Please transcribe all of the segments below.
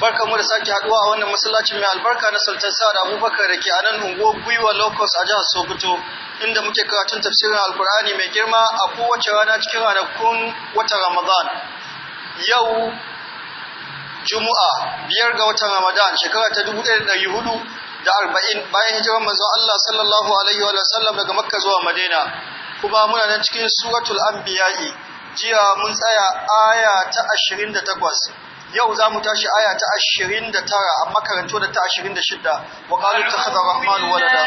barka mu da sake haduwa a wannan masallacin mai albarka na Sultan Sa'ad Abubakar da ke a nan unguwar Gwiwa Locust a jihar Sokoto inda muke karatun tafsirin Alkur'ani mai girma a kowace rana cikin ranakun watan Ramadan. Yau Juma'a biyar ga watan Ramadan shekara ta 1440 da arba'in bayan hijirar manzon Allah sallallahu alaihi wa sallam daga Makka zuwa Madina kuma muna nan cikin suratul anbiya'i jiya mun tsaya aya ta takwas. yau za mu tashi aya ta 29 amma karanto da ta 26 wa qalu takhadha rahman walada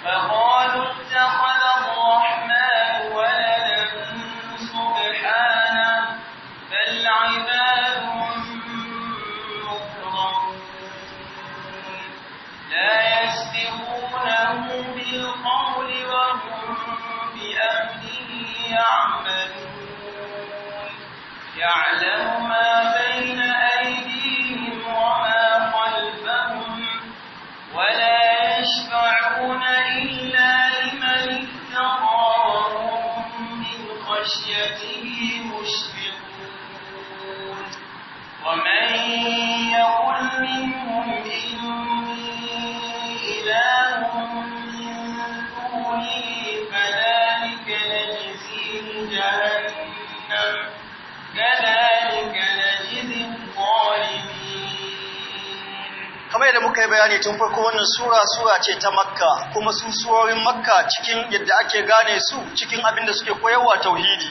فقالوا اتخذ الرحمن ولدا سبحانه بل عباد مكرمون لا يسبقونه بالقول وهم بأمره يعملون يعلم ما بين muka yi bayani tun farko wannan sura sura ce ta makka kuma su surorin makka cikin yadda ake gane su cikin abin da suke koyarwa tauhidi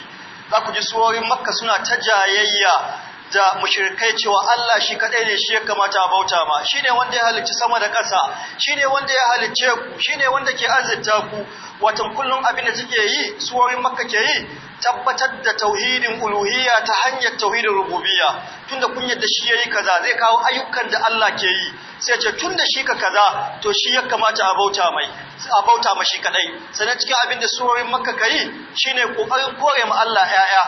za ku ji surorin makka suna ta jayayya da mushrikai cewa Allah shi kadai ne shi ya kamata a bauta ma shine wanda ya halicci sama da ƙasa shine wanda ya halicce ku shine wanda ke azurta ku watan kullum abin da suke yi surorin makka ke yi tabbatar da tauhidin uluhiyya ta hanyar tauhidin rububiyya tunda kun yadda shi yayi kaza zai kawo ayyukan da Allah ke yi sai ce tun da shi ka kaza to shi ya kamata a bauta mai a bauta mashi kadai sannan cikin abin da surorin makka kai shine kokarin kore ma Allah yaya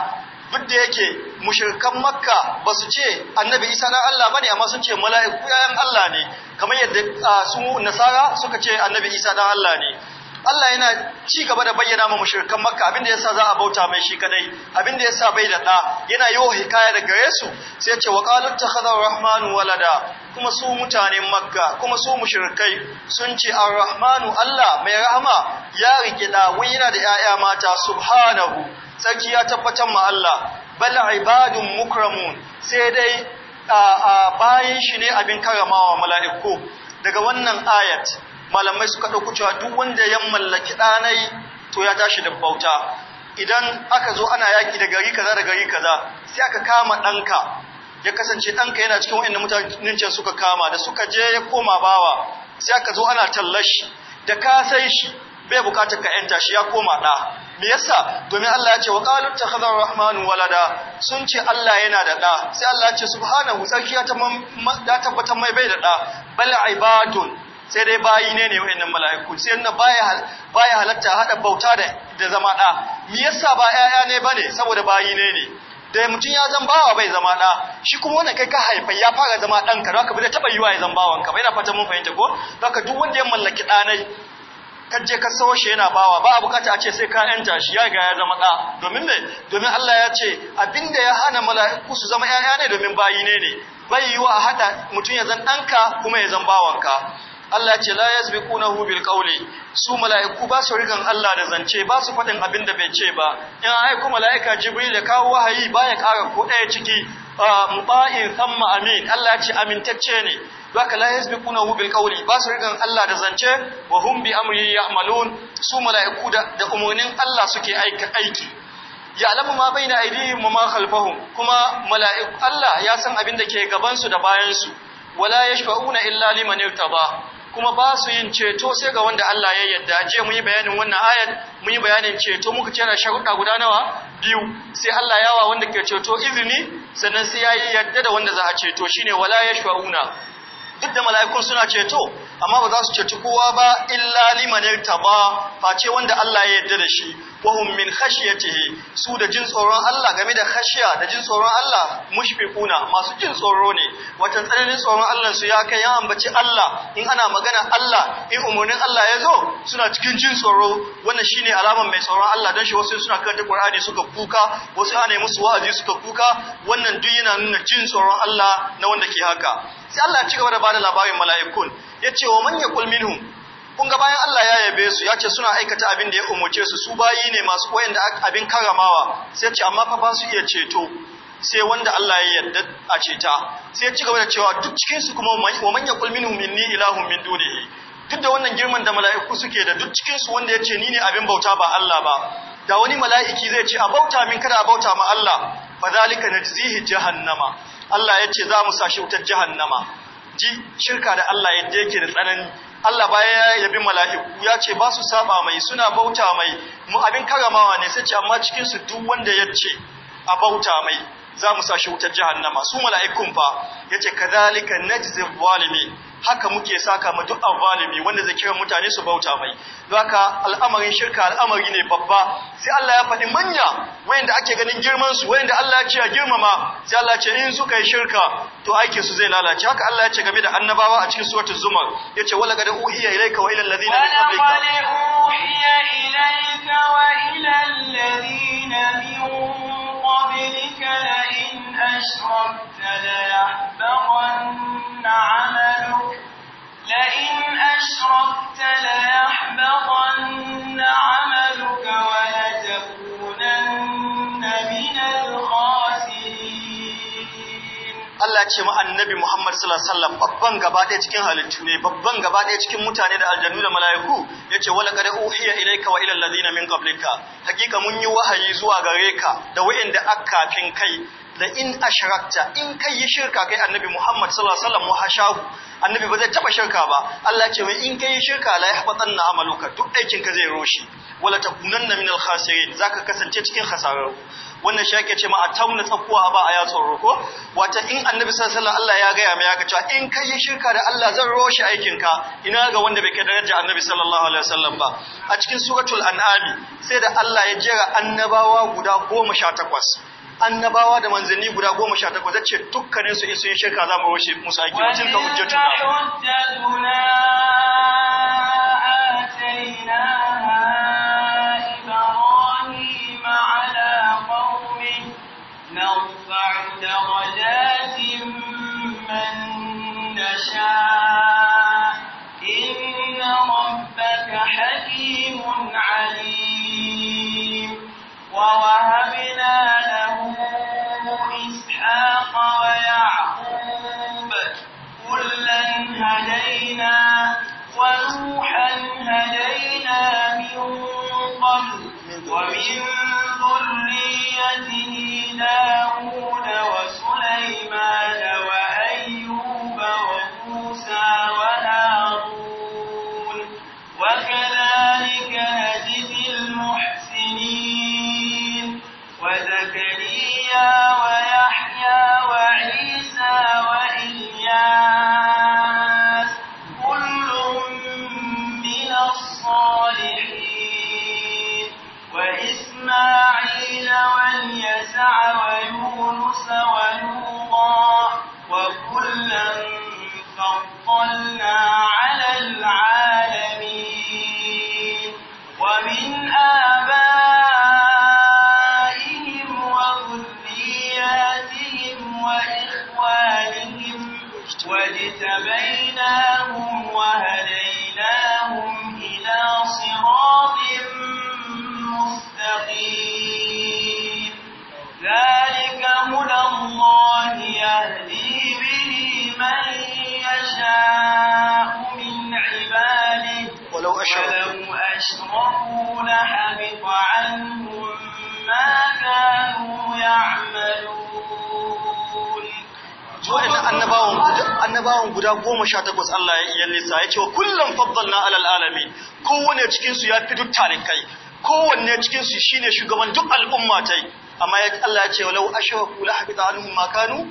duk da yake mushrikan makka ba su ce annabi isa na Allah bane amma sun ce mala'iku yayan Allah ne kamar yadda su nasara suka ce annabi isa na Allah ne Allah yana ci gaba da bayyana ma mushrikan Makka abinda yasa za a bauta mai shi kadai abinda yasa bai da da yana yi hikaya da gare su sai ce wa qalu takhadha rahmanu walada kuma su mutanen makka kuma su mushrikai sun ce ar-rahmanu Allah mai rahama ya rike da wayina da yaya mata subhanahu sarki ya tabbatar ma Allah bal ibadun mukramun sai dai bayan shi ne abin karamawa mala'iku daga wannan ayat malamai suka dauko cewa duk wanda ya mallaki danai to ya tashi da bauta idan aka zo ana yaki da gari kaza da gari kaza sai aka kama danka ya kasance ɗanka yana cikin da mutanen can suka kama da suka je ya koma bawa sai aka zo ana tallashi da ka sai shi bai bukatar ka yanta shi ya koma ɗa me yasa domin Allah ya ce wa ta takhadha rahmanu walada sun ce Allah yana da ɗa sai Allah ya ce hana sarki ya tabbatar mai bai da ɗa bala ibadun sai dai bayi ne ne wa'annan mala'iku sai yana baya halarta halatta haɗa bauta da zama ɗa me yasa ba yaya ne ba ne saboda bayi ne ne da mutum ya zan bawa bai zama da shi kuma wannan kai ka haifa ya fara zama dan ka zaka bi taɓa taba yiwa ya zan bawan ka bai na fatan mun fahimta ko zaka duk wanda ya mallaki danai kaje ka sawo shi yana bawa ba bukata a ce sai ka yanta shi ya ga ya zama da domin me domin Allah ya ce abinda ya hana mala'iku su zama 'ya'ya ne domin bayi ne ne bai yiwa a hada mutum ya zan ɗanka kuma ya zan bawanka Allah ce la yasbiqunahu bil qawli su mala'iku ba su rigan Allah da zance ba su fadin abinda bai ce ba in ai kuma mala'ika jibril da kawo wahayi baya kara ko ɗaya ciki muba'in thamma amin Allah ce amintacce ne baka la yasbiqunahu bil qawli ba su rigan Allah da zance wa hum bi amri ya'malun su mala'iku da umurnin Allah suke aika aiki ya'lamu ma baina aydihim wa ma khalfahum kuma mala'iku Allah ya san abin da ke gaban su da bayan su wala yashfa'una illa liman irtaba kuma ba su yin ceto sai ga wanda Allah ya yarda je mu yi bayanin wannan ayat mu yi bayanin ceto muka cera sharuɗa guda nawa biyu sai Allah ya wa wanda ke ceto izini sannan sai ya yi yadda da wanda za a ceto shine wala yashfauna duk da mala'ikun suna ceto amma ba za su ceto kowa ba illa liman ba, face wanda Allah ya yadda da shi wahum min khashiyatihi su da jin tsoron Allah game da khashiya da jin tsoron Allah mushfiquna masu jin tsoro ne wata tsananin tsoron Allah su ya kai ya ambaci Allah in ana magana Allah in umurnin Allah ya zo suna cikin jin tsoro wannan shine alaman mai tsoron Allah dan shi wasu suna karanta Qur'ani suka kuka wasu ana musu wa'azi suka kuka wannan duk yana nuna jin tsoron Allah na wanda ke haka sai Allah ya ci gaba da bada labarin mala'ikun yace wa man yaqul minhum kun ga bayan Allah ya yabe su ya ce suna aikata abin da ya umarce su su bayi ne masu wayanda abin karamawa sai ce amma fa ba su iya ceto sai wanda Allah ya yarda a ceta sai ci gaba da cewa duk cikin su kuma wa man yaqul minhum inni ilahun min dunihi duk da wannan girman da mala'iku suke da duk cikin su wanda ce ni ne abin bauta ba Allah ba da wani mala'iki zai ce a bauta min kada a bauta ma Allah fa zalika najzihi jahannama Allah ya ce za mu sashi wutar jahannama ji shirka da Allah yadda yake da tsanani Allah baya ya yabi mala'iku ya ce ba su saba mai suna bauta mai mu abin karamawa ne sai ce amma cikin su duk wanda ya ce a bauta mai za mu sa shi wutar jahannama su mala'ikun fa Ya yace kadhalika najzi zalimin haka muke saka ma duk abalimi wanda zai kira mutane su bauta mai don haka al'amarin shirka al'amari ne babba sai Allah ya faɗi manya wanda ake ganin girman su wayanda Allah ya ce ya girmama sai Allah ya ce in suka yi shirka to aikin su zai lalace haka Allah ya ce game da annabawa a cikin suratul zumar yace wala qad uhiya ilayka wa ilal ladina min qablika wala qad uhiya ilayka Allah ce ma annabi Muhammad sallallahu alaihi wasallam babban gaba cikin halittu ne babban gabaɗaya ɗaya cikin mutane da aljanu da mala'iku ce wala qad uhiya ilayka wa ila alladhina min qablika hakika mun yi wahayi zuwa gare ka da aka fin kai da in asharakta in kai yi shirka kai annabi Muhammad sallallahu alaihi annabi ba zai taba shirka ba Allah ce mai in kai shirka la na amaluka duk aikin ka zai roshi wala takunanna minal khasirin zaka kasance cikin khasararru wannan shi ce ma a tauna tsakuwa ba a yatsun ko wata in annabi sallallahu Allah ya gaya mai ya cewa in kai shirka da Allah zan roshi aikin ka ina ga wanda bai kai daraja annabi sallallahu alaihi wasallam ba a cikin suratul an'am sai da Allah ya jera annabawa guda 18 annabawa da manzanni guda goma sha takwas zace dukkanin su in yi shirka za mu rushe musu aiki wajen ka hujjatuna ومن ذريته داود guda goma sha takwas Allah ya nisa ya ce wa kullum na alal alami. kowanne cikinsu ya fi duk tarikai kowanne cikinsu shi ne shugaban duk al'umma yi amma ya Allah ya ce wa kula la habita anhum makanu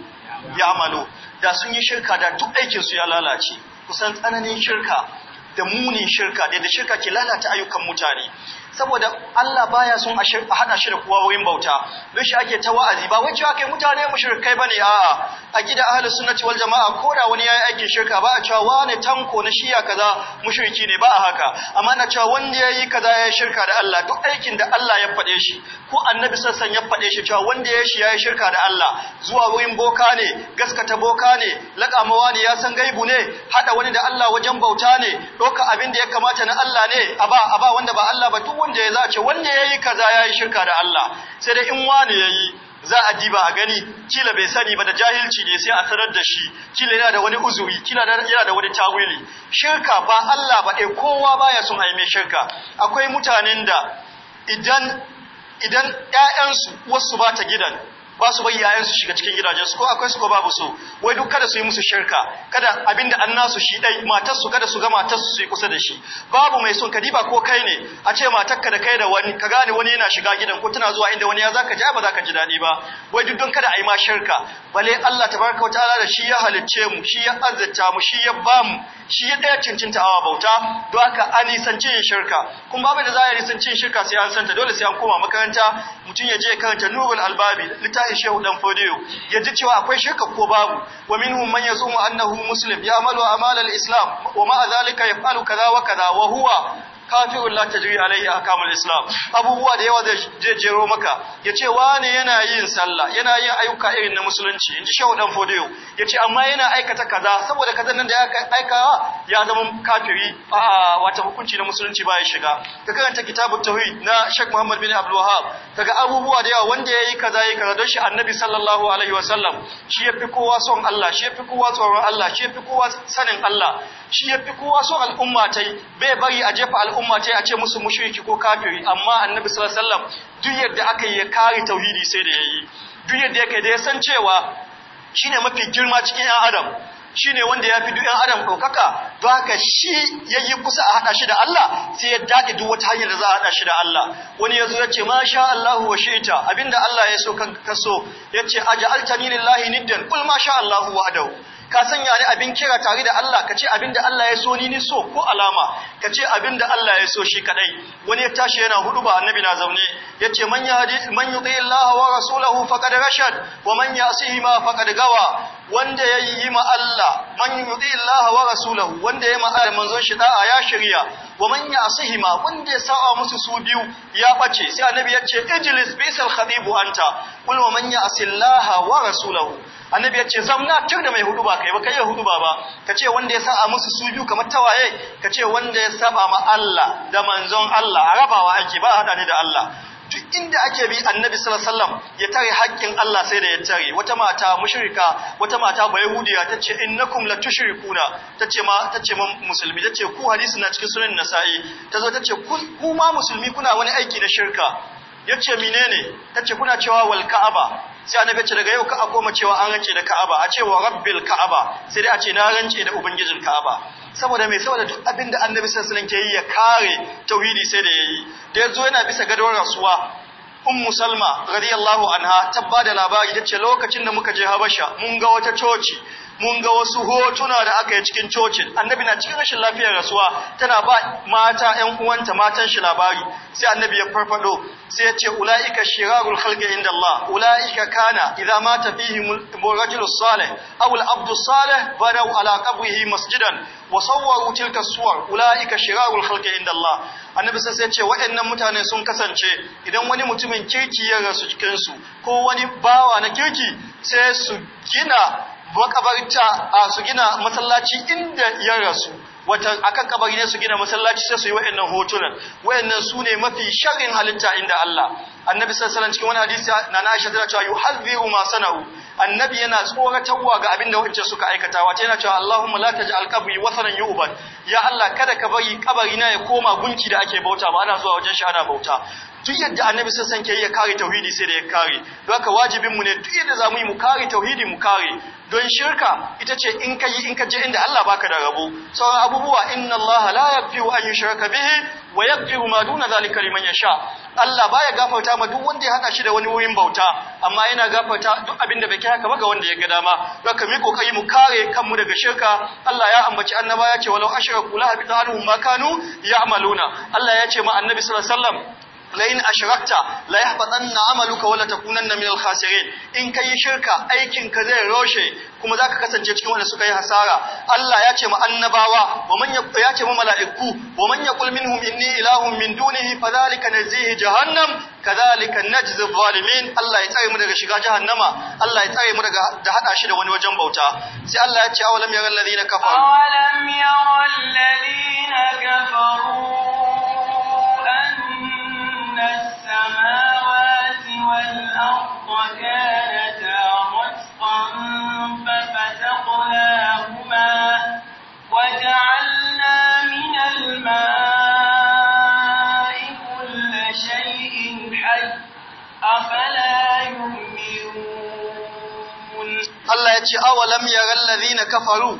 ya amalo. da sun yi shirka da duk aikinsu ya lalace kusan tsananin shirka da munin shirka da shirka ke lalata ayyukan mutane saboda Allah baya son a hada shi da kowa wurin bauta don shi ake ta wa'azi ba wai cewa kai mutane mushrikai bane a'a A kida ahlus sunnati wal jamaa ko da wani yayi aikin shirka ba a cewa wani tanko na shiya kaza mushriki ne ba a haka amma na cewa wanda yayi kaza yayi shirka da Allah duk aikin da Allah ya fade shi ko annabi sassan ya fade shi cewa wanda yayi shi yayi shirka da Allah zuwa wurin boka ne gaskata boka ne laƙamawa ne ya san gaibu ne haɗa wani da Allah wajen bauta ne doka abin da ya kamata na Allah ne aba aba wanda ba Allah ba duk wanda ya zace wanda yayi kaza yayi shirka da Allah sai dai in wani yi. za a diba a gani kila bai sani ba da jahilci ne sai a sanar da shi kila yana da wani uzuri kila yana da wani tawili shirka ba Allah ba dai kowa baya son aime shirka akwai mutanen da idan idan ƴaƴansu wasu ba ta gidan ba su bayya yayansu su shiga cikin gidajen su ko akwai su ko babu su wai duk kada su yi musu shirka kada abinda an nasu shi dai matar su kada su ga matar su su yi kusa da shi babu mai son kadiba ko kai ne a ce ka da kai da wani ka gane wani yana shiga gidan ko tana zuwa inda wani ya zaka ji ba zaka ji dadi ba wai duk don kada a yi ma shirka bale Allah tabaraka wataala da shi ya halicce mu shi ya azzata mu shi ya ba shi ya daya cincinta awa bauta don haka an san cin shirka kuma babu da za a san cin shirka sai an santa dole sai an koma makaranta mutum ya je karanta nurul albabi littafi Abdullahi Shehu dan Fodiyo ya ji cewa akwai shirka ko babu wa minhum man yazumu annahu muslim ya'malu amal al-islam wa ma zalika yaf'alu kaza wa kaza wa huwa kafirun la tajri alaihi ahkamul islam abubuwa da yawa zai jero maka yace wane yana yin sallah yana yin ayyuka irin na musulunci inji shehu dan Ya yace amma yana aikata kaza saboda kaza nan da ya aika ya zama kafiri a wata hukunci na musulunci ba ya shiga ka karanta kitabut tauhid na Sheikh Muhammad bin Abdul daga kaga abubuwa da yawa wanda yayi kaza yayi kaza don shi annabi sallallahu alaihi wasallam shi yafi kowa son Allah shi yafi kowa tsoron Allah shi yafi kowa sanin Allah shi ya fi kowa so al'umma tai bai bari a jefa al'umma yi a ce musu mushriki ko kafiri amma annabi sallallahu alaihi duk yadda aka yi ya kare tauhidi sai da yayi duk yadda yake da ya san cewa shine mafi girma cikin ɗan adam shine wanda ya fi duk ɗan adam ɗaukaka, don haka shi ya yi kusa a haɗa shi da Allah sai ya daɗe duk wata hanyar da za a haɗa shi da Allah. Wani ya ya ce, Masha Allahu wa shaita, abinda Allah ya so kan so ya ce, Aja altani lillahi niddan, kul masha Allahu wa adau. ka sanya ni abin kira tare da Allah ka ce abin da Allah ya so ni ni so ko alama ka ce abin da Allah ya so shi kadai wani ya tashi yana hudu ba annabi na zaune yace man yahdi man yuti Allah wa rasulahu faqad rashad wa man yasihi ma faqad gawa wanda yayi ma Allah man yuti Allah wa rasulahu wanda yayi ma Allah manzon shi da'a ya shirya wa man yasihi ma wanda ya sa'a musu su biyu ya bace sai annabi yace ijlis bisal khadibu anta kul wa man yasi Allah wa rasulahu annabi ya ce zamna tun da mai hudu ba kai ba kai ya hudu ba ba ka ce wanda ya sa'a musu su biyu kamar tawaye ka ce wanda ya saba ma Allah da manzon Allah a rabawa ake ba a hada ne da Allah duk inda ake bi annabi sallallahu alaihi wasallam ya tare hakkin Allah sai da ya tare wata mata mushrika wata mata bayahudiya tace innakum la tushrikuna tace ma tace ma musulmi tace ku hadisi na cikin sunan nasa'i tazo tace ku ma musulmi kuna wani aiki na shirka yace menene tace kuna cewa wal ka'aba sai annabi ce daga yau ka a koma cewa an rance da Ka'aba a cewa rabbil Ka'aba sai dai a ce na rance da ubangijin Ka'aba saboda mai saboda duk abin da annabi sallallahu alaihi wasallam ke yi ya kare tauhidi sai da yayi da yazo yana bisa gadon rasuwa ummu salma radiyallahu anha tabba da labari tace lokacin da muka je habasha mun ga wata coci mun ga wasu hotuna da aka yi cikin cocin annabi na cikin rashin lafiyar rasuwa tana ba mata ƴan uwanta matan shi labari sai annabi ya farfado sai ya ce ulaika shirarul khalqi inda Allah ulaika kana idza mata fihi rajul salih aw al abdu salih badaw ala qabrihi masjidan wa sawwaru tilka suwar ulaika shirarul khalqi inda Allah annabi sai ya ce waɗannan mutane sun kasance idan wani mutumin kirki ya rasu cikin su ko wani bawa na kirki sai su gina makabarta a su gina masallaci inda ya rasu wata akan kabari ne su gina masallaci sai su yi wa'annan hotunan wa'annan su ne mafi sharrin halitta inda Allah annabi sallallahu alaihi cikin wani hadisi na Aisha tana cewa yuhadhiru ma sana'u annabi yana tsoratarwa ga abin da wancan suka aikata wace yana cewa Allahumma la taj'al qabri wathanan yu'bad ya Allah kada ka bari kabari na ya koma gunki da ake bauta ba ana zuwa wajen shi ana bauta Tun yadda annabi sun san ke ya kare tauhidi sai da ya kare don haka wajibin mu ne duk yadda zamu yi mu kare tauhidi mu kare don shirka ita ce in ka in ka je inda Allah baka da rabo sauran abubuwa inna Allah la yaghfiru an yushraka bihi wa yaghfiru ma duna zalika liman yasha Allah baya gafarta ma duk wanda ya hada shi da wani wurin bauta amma yana gafarta duk abinda bai kai haka ba ga wanda ya ga dama don haka mi kokari mu kare kanmu daga shirka Allah ya ambaci annaba ya ce walau ashraku la habita anhum ma kanu ya'maluna Allah ya ce ma annabi sallallahu alaihi wasallam la in ashrakta la yahbatanna amaluka wa takunanna minal khasirin in kai shirka aikin ka zai roshe kuma zaka kasance cikin wanda suka yi hasara Allah ya ce mu annabawa wa man ya ce mu mala'iku wa man yaqul minhum inni ilahun min dunihi fadhalika nazihi jahannam kadhalika najzi zalimin Allah ya tsare mu daga shiga jahannama Allah ya tsare mu daga da hada shi da wani wajen bauta sai Allah ya ce awalam yaral ladina kafaru awalam yaral ladina kafaru السماوات والأرض كانتا رتقا ففتقناهما وجعلنا من الماء كل شيء حي أفلا يؤمنون الله يتي أولم يرى الذين كفروا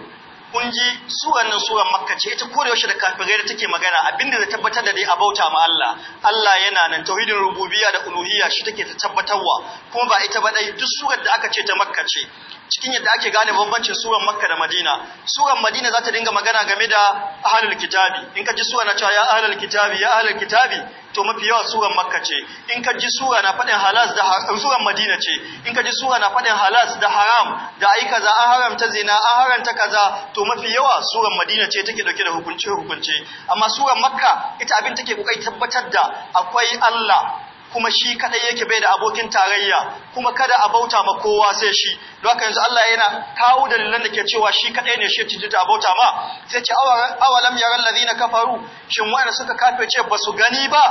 kun ji su wannan suran makka ce ita kore yaushe da kafirai da take magana abinda zai tabbatar da dai a bauta ma Allah Allah yana nan tauhidin rububiyya da uluhiyya shi take ta tabbatarwa kuma ba ita ba dai duk surar da aka ce ta makka ce cikin yadda ake gane bambancin suran Makka da Madina suran Madina za ta dinga magana game da ahlul kitabi in ka ji suran na cewa ya ahlul kitabi ya ahlul kitabi to mafi yawa suran Makka ce in ka ji suran na fadin halas da haram suran Madina ce in ka ji sura na fadin halas da haram da ai kaza an haramta zina an haramta kaza to mafi yawa suran Madina ce take dauke da hukunce hukunce amma suran Makka ita abin take kokai tabbatar da akwai Allah kuma shi kadai yake bai da abokin tarayya kuma kada a bauta ma kowa sai shi don haka yanzu Allah yana kawo dalilan da ke cewa shi kadai ne shi tijita a bauta ma sai ce awalam yaran ladina kafaru shin wanda suka ce ba su gani ba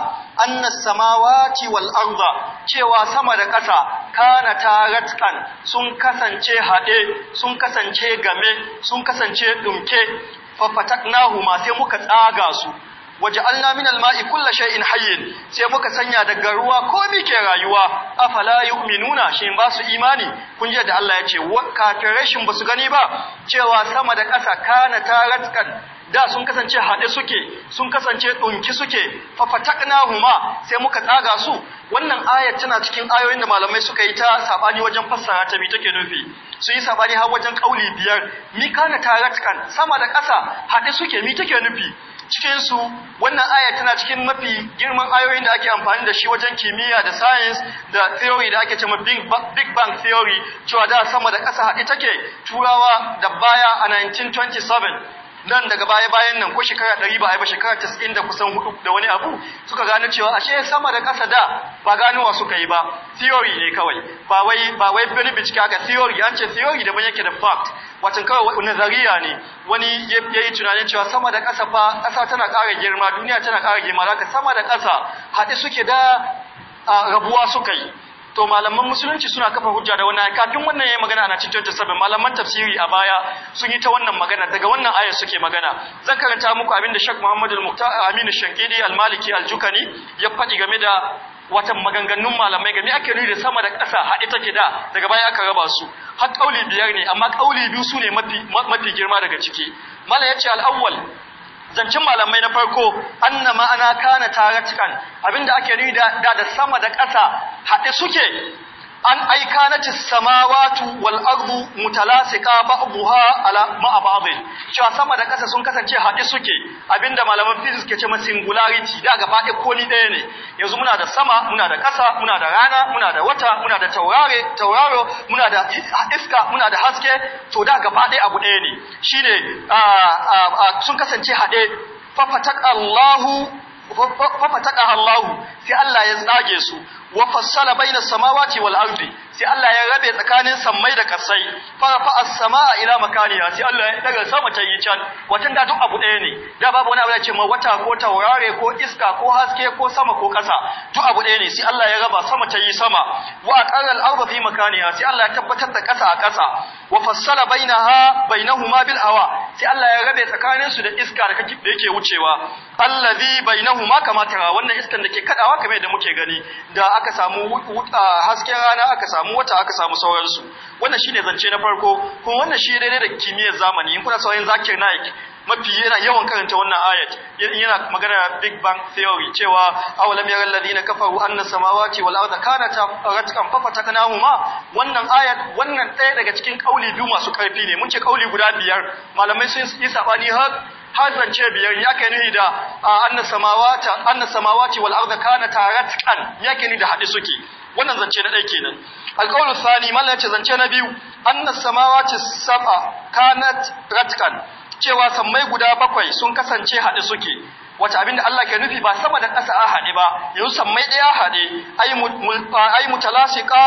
annas samawati wal arda cewa sama da kasa kana taratkan sun kasance hade sun kasance game sun kasance dumke fafataknahu ma sai muka tsaga su Waje min al-ma'i kulla shay'in hayyin sai muka sanya daga ruwa komai ke rayuwa afala yu'minuna shin ba su imani kun ji da Allah ya ce wa kafirai ba su gani ba cewa sama da ƙasa kana taratkan da sun kasance haɗe suke sun kasance ɗunki suke na huma sai muka tsaga su wannan ayat tana cikin ayoyin da malamai suka yi ta sabani wajen fassara ta bi take nufi su yi sabani har wajen kauli biyar mi kana taratkan sama da ƙasa haɗe suke mi take nufi cikinsu wannan aya tana cikin mafi girman ayoyin da ake amfani da shi wajen kimiyya da science da theory da ake cema big bang theory cewa da sama da ƙasa haɗe take turawa da baya a 1927 nan daga baya-bayan nan ko shekara ɗari ba a yi ba shekara casa'in da kusan hudu da wani abu suka gano cewa ashe sama da ƙasa da ba ganowa suka yi ba theory ne kawai ba wai ba wai wani bincike aka theory an ce theory daban yake da fact watan kawai wani nazariya ne wani ya yi tunanin cewa sama da ƙasa fa ƙasa tana ƙara girma duniya tana ƙara girma zaka sama da ƙasa haɗe suke da rabuwa suka yi to malaman musulunci suna kafa hujja da wannan kafin wannan yayin magana ana cikin tafsirin malaman tafsiri a baya sun yi ta wannan magana daga wannan ayar suke magana zan karanta muku abin da Sheikh Muhammad Al-Muqtar Aminu Shankidi Al-Maliki Al-Jukani ya faɗi game da wata maganganun malamai game ake nuni da sama da ƙasa haɗe take da daga baya aka raba su har kauli biyar ne amma kauli biyu su ne mafi girma daga ciki mala yace ce awwal zancen malamai na farko anna ma'ana kana abin abinda ake nida da da sama da ƙasa haɗe suke an aika na ci samawatu wal ardu mutalasika buha ala ma’ababin cewa sama da kasa sun kasance haɗe suke abinda malaman physics ke ce ma singularity da gaba ɗaya ko ni ɗaya ne yanzu muna da sama muna da kasa muna da rana muna da wata muna da taurare tauraro muna da iska muna da haske to da gaba ɗaya abu ɗaya ne ne sun kasance haɗe fafataka Allahu fafataka Allahu sai Allah ya tsage su wa fassala bayna samawati wal ardi sai Allah ya rabe tsakanin sammai da kasai farafa as-samaa ila makaniha sai Allah ya daga sama ta yi can watan da duk abu ɗaya ne da babu wani abu da ce ma wata ko taurare ko iska ko haske ko sama ko kasa duk abu ɗaya ne sai Allah ya raba sama ta yi sama wa aqara al fi makaniha sai Allah ya tabbatar da kasa a kasa wa fassala bainaha bainahuma bil hawa sai Allah ya rabe tsakanin su da iska da kake da yake wucewa allazi bainahuma kama tara wannan iskan da ke kadawa kamar da muke gani da aka samu hasken rana aka samu wata aka samu sauransu wannan shine zance na farko kuma wannan shi daidai da kimiyyar zamani in kuna sauran zakir naik mafi yana yawan karanta wannan ayat yana magana big bang theory cewa awalam yaral na kafaru anna samawati wal arda kanata ratqan ma. wannan ayat wannan ɗaya daga cikin kauli biyu masu karfi ne mun ce kauli guda biyar malamai sun yi sabani har hasan biyar yake ni da anna samawata anna samawati wal ardh kanata ratqan yake ni da hadi suke wannan zance na ɗaya kenan alqawlu thani mallan ce zance na biyu anna samawati sab'a kanat ratqan cewa sammai guda bakwai sun kasance hadi suke wata abinda Allah ke nufi ba sama da kasa a haɗe ba yanzu sammai daya haɗe ai mutalasika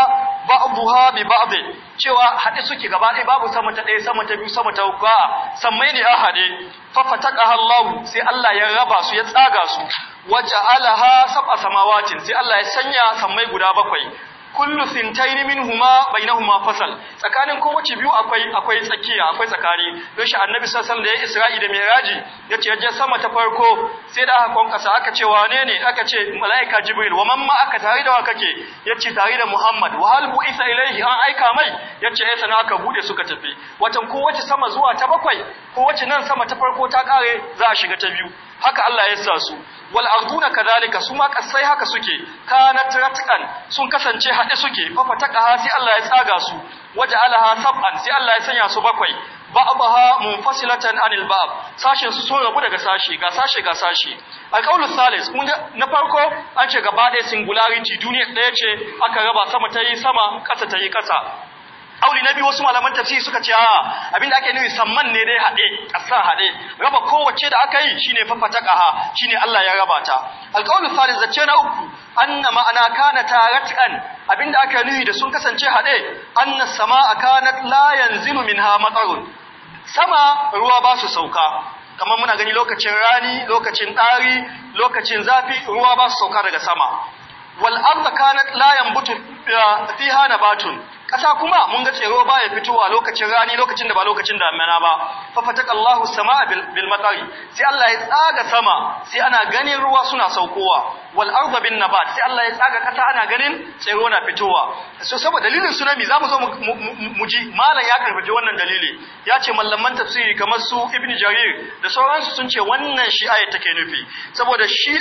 ba'dhuha bi ba'd cewa hade suke gaba ɗaya babu sama ta ɗaya sama ta biyu sama ta uku sammai ne a fa fataqaha Allah sai Allah ya raba su ya tsaga su waja'alaha sab'a samawatin sai Allah ya sanya sammai guda bakwai kullu sintaini minhuma bainahuma fasal tsakanin kowace biyu akwai akwai tsakiya akwai tsakani don shi annabi sallallahu alaihi da isra'i da miraji yace yaje sama ta farko sai da aka konkasa aka ce wane ne aka ce malaika jibril wa mamma aka tare da wa kake yace tare da muhammad wa hal bu'isa ilaihi an aika mai yace ai eh, sana aka bude suka tafi watan kowace sama zuwa ta bakwai kowace nan sama ta farko ta kare za a shiga ta biyu haka Allah ya sa su wal arduna kadhalika su ma kasai haka suke kanat ratqan sun kasance hade suke fa fataqaha sai Allah ya tsaga su waja'alaha sab'an sai Allah ya sanya su bakwai ba'daha munfasilatan anil ba'd sashin su sun rabu daga sashi ga sashi ga sashi alqaulu salis na farko an ce gaba ɗaya singularity duniya ɗaya ce aka raba sama ta yi sama ƙasa ta yi ƙasa auli na biyu wasu malaman tafsiri suka ce a abinda ake nufi samman ne dai haɗe ƙasa haɗe raba kowace da aka yi shine fafataqaha shine Allah ya raba ta alqaulu salis ce na uku anna ma'ana kana taratan abinda aka nufi da sun kasance haɗe anna samaa kana la yanzilu minha matarun sama ruwa ba su sauka kamar muna gani lokacin rani lokacin ɗari lokacin zafi ruwa ba su sauka daga sama wal arda kanat la yanbutu fiha nabatun ƙasa kuma mun ga tsero ba ya fitowa lokacin rani lokacin da ba lokacin damina ba fafataqallahu samaa bil matari sai Allah ya tsaga sama sai ana ganin ruwa suna saukowa wal arda bin nabat sai Allah ya tsaga ƙasa ana ganin tsero na fitowa so saboda dalilin tsunami zamu zo mu ji malam ya karbi wannan dalili ya ce mallaman tafsiri kamar su ibnu jarir da sauransu sun ce wannan shi aya take nufi saboda shi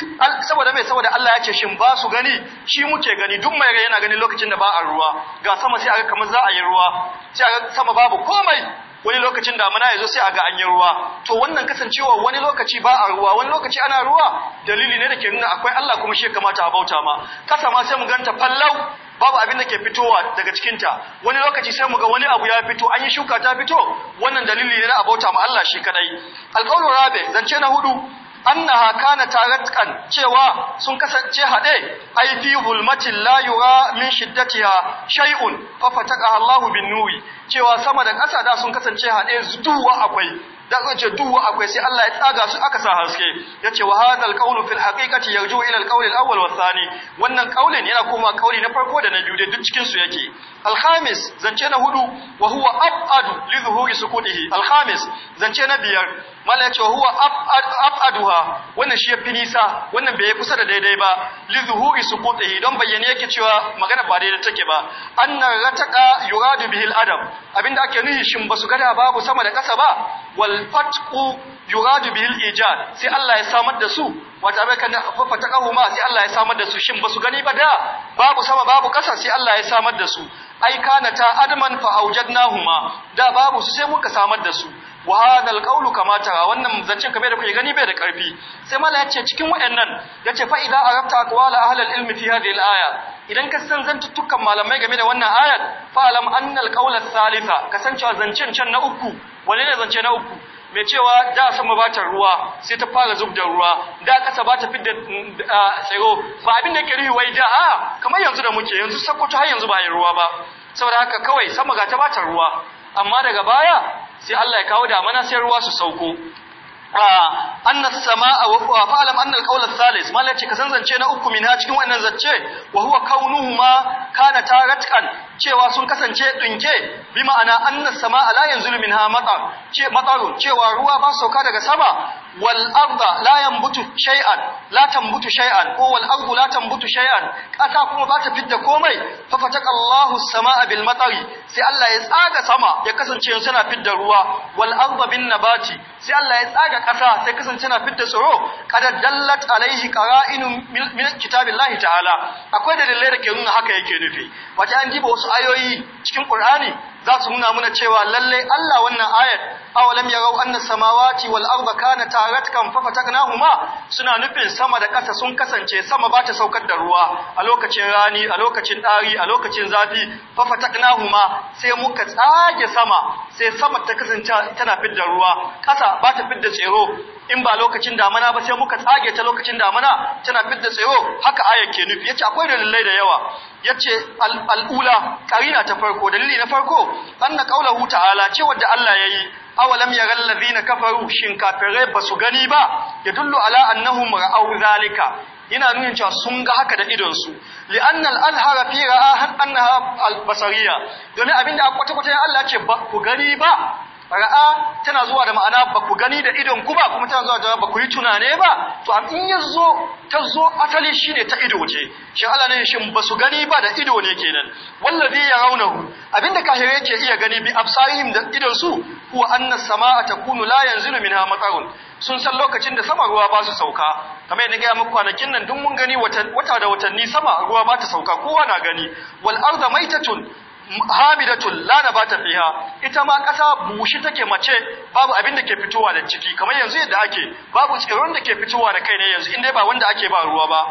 saboda mai saboda Allah ya ce shin ba su gani shi muke gani duk mai yana gani lokacin da ba a ruwa ga sama sai ga kamar za a yi ruwa sai ga sama babu komai wani lokacin damuna ya zo sai a ga an yi ruwa to wannan kasancewa wani lokaci ba a ruwa wani lokaci ana ruwa dalili ne da ke nuna akwai Allah kuma shi kamata a bauta ma kasa ma sai mu ganta fallau babu abin da ke fitowa daga cikin ta wani lokaci sai mu ga wani abu ya fito an yi shuka ta fito wannan dalili ne na a bauta ma Allah shi kadai alqawlu rabe zance na hudu annaha kana taratkan cewa sun kasance haɗe. ai fi hulmatin la yura min shiddatiha shay'un fa fataka Allahu bin nuri cewa sama da ƙasa da sun kasance haɗe. zuwa akwai da kun ce duhu akwai sai Allah ya tsaga su aka sa haske yace wa hadal qawlu fil haqiqati yarju ila al qawl al awwal wa thani wannan qaulin yana koma qauli na farko da na biyu da duk cikin su yake al khamis zance na hudu wa huwa abad li zuhuri sukunihi al khamis zance na biyar mala yace huwa abaduha wannan shi yafi nisa wannan bai kusa da daidai ba li zuhuri sukunihi don bayyane yake cewa magana ba daidai take ba annar rataka yuradu bihi al adam abinda ake nuhi shin basu gada babu sama da kasa ba wal fatku yuradu ija ijad sai Allah ya samar da su wa taraka fataqahu ma sai Allah ya samar da su shin basu gani ba da babu sama babu kasa sai Allah ya samar da su ai kana ta adman fa aujadnahuma da babu su sai muka samar da su wa hadal qawlu kama wannan zancen kamar da kuke gani bai da karfi sai mala ya ce cikin wayannan ce fa idza arafta aqwala ahli al fi hadhihi al-aya idan ka san zantuttukan malamai game da wannan ayat fa alam anna al-qawla thalitha kasancewa zancen can na uku wani ne zance na uku mai cewa da sama ba ta ruwa sai ta fara zub da ruwa da kasa ba ta fidda tsaro ba abin da ke ruhi wai da a kamar yanzu da muke yanzu sakkwato har yanzu ba yi ruwa ba saboda haka kawai sama ga ta ba ta ruwa amma daga baya sai Allah ya kawo damana sai ruwa su sauko anna samaa wa fa'lam anna al-qawl al-thalith ce ka zance na uku min cikin wannan zance wa huwa kaunuhuma kana taratkan cewa sun kasance tsunke bi ma'ana annas sama'a la yanzulu minha matar ce mataru cewa ruwa ba sauka daga sama wal arda la yanbutu shay'an la tanbutu shay'an ko wal ardu la tanbutu shay'an kasa kuma ba ta komai fa fataqallahu sama'a bil matari sai Allah ya tsaga sama ya kasance suna fidda ruwa wal arda bin nabati sai Allah ya tsaga kasa sai kasance na fidda tsoro kada dallat alaihi qara'inun min kitabillahi ta'ala akwai dalilai da ke nuna haka yake nufi wajen an jiba wasu ayoyi cikin Qur'ani za su nuna muna cewa lalle Allah wannan ayar awalam yarau anna samawati wal arda kana taratkan fa fataknahuma suna nufin sama da ƙasa sun kasance sama ba ta saukar da ruwa a lokacin rani a lokacin dari a lokacin zafi fa fataknahuma sai muka tsage sama sai sama ta kasance tana fidda ruwa ƙasa ba ta fidda tsero in ba lokacin damana ba sai muka tsage ta lokacin damana tana fidda tsero haka ayat ke nufi yace akwai dalilai da yawa yace al-ula karina ta farko dalili na farko anna qawluhu ta'ala ce wadda Allah yayi awalam yaral ladina kafaru shin kafirai basu gani ba yadullu ala annahum ra'aw zalika yana nuna cewa sun ga haka da idon su li'anna al-alhara fi ra'ahan annaha al-basariya don abinda akwata kwata Allah ce ba ku gani ba ra'a tana zuwa da ma'ana ba ku gani da idon ku ba kuma tana zuwa da ba ku yi tunane ba to in yazo ta zo asali shine ta ido ce shi Allah ne shin ba su gani ba da ido ne kenan wallazi yarawnahu abinda kahire yake iya gani bi absarihim da idon su huwa anna samaa takunu la yanzilu minha matarun sun san lokacin da sama ruwa ba su sauka kamar yadda gaya muku kwanakin nan duk mun gani wata da watanni sama ruwa ba ta sauka kowa na gani wal arda maitatun hamidatul la nabata fiha ita ma kasa bushi take mace babu abin da ke fitowa da ciki kamar yanzu yadda ake babu tsiron da ke fitowa da kai ne yanzu inda ba wanda ake ba ruwa ba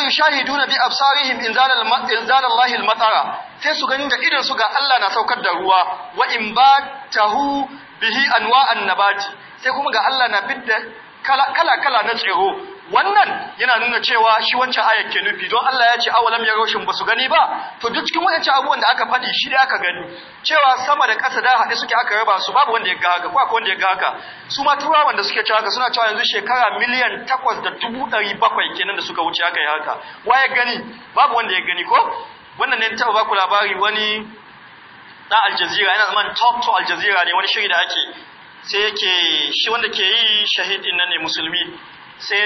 yushahiduna bi absarihim inzal Allahi almatara sai su gani da idan su ga Allah na saukar da ruwa wa in batahu bihi anwa'an nabati sai kuma ga Allah na fidda kala kala na tsiro wannan yana nuna cewa shi wancan ayar ke nufi don Allah ya ce awalam ya ba su gani ba to duk cikin wadancan abubuwan da aka faɗi shi da aka gani cewa sama da ƙasa da haɗe suke aka raba su babu wanda ya ga haka kwa wanda ya ga haka su ma turawan da suke cewa haka suna cewa yanzu shekara miliyan takwas da dubu ɗari bakwai kenan da suka wuce aka yi haka wa ya gani babu wanda ya gani ko wannan ne taɓa baku labari wani na aljazira yana zaman talk to aljazira ne wani shiri da ake sai yake shi wanda ke yi shahidin nan ne musulmi sai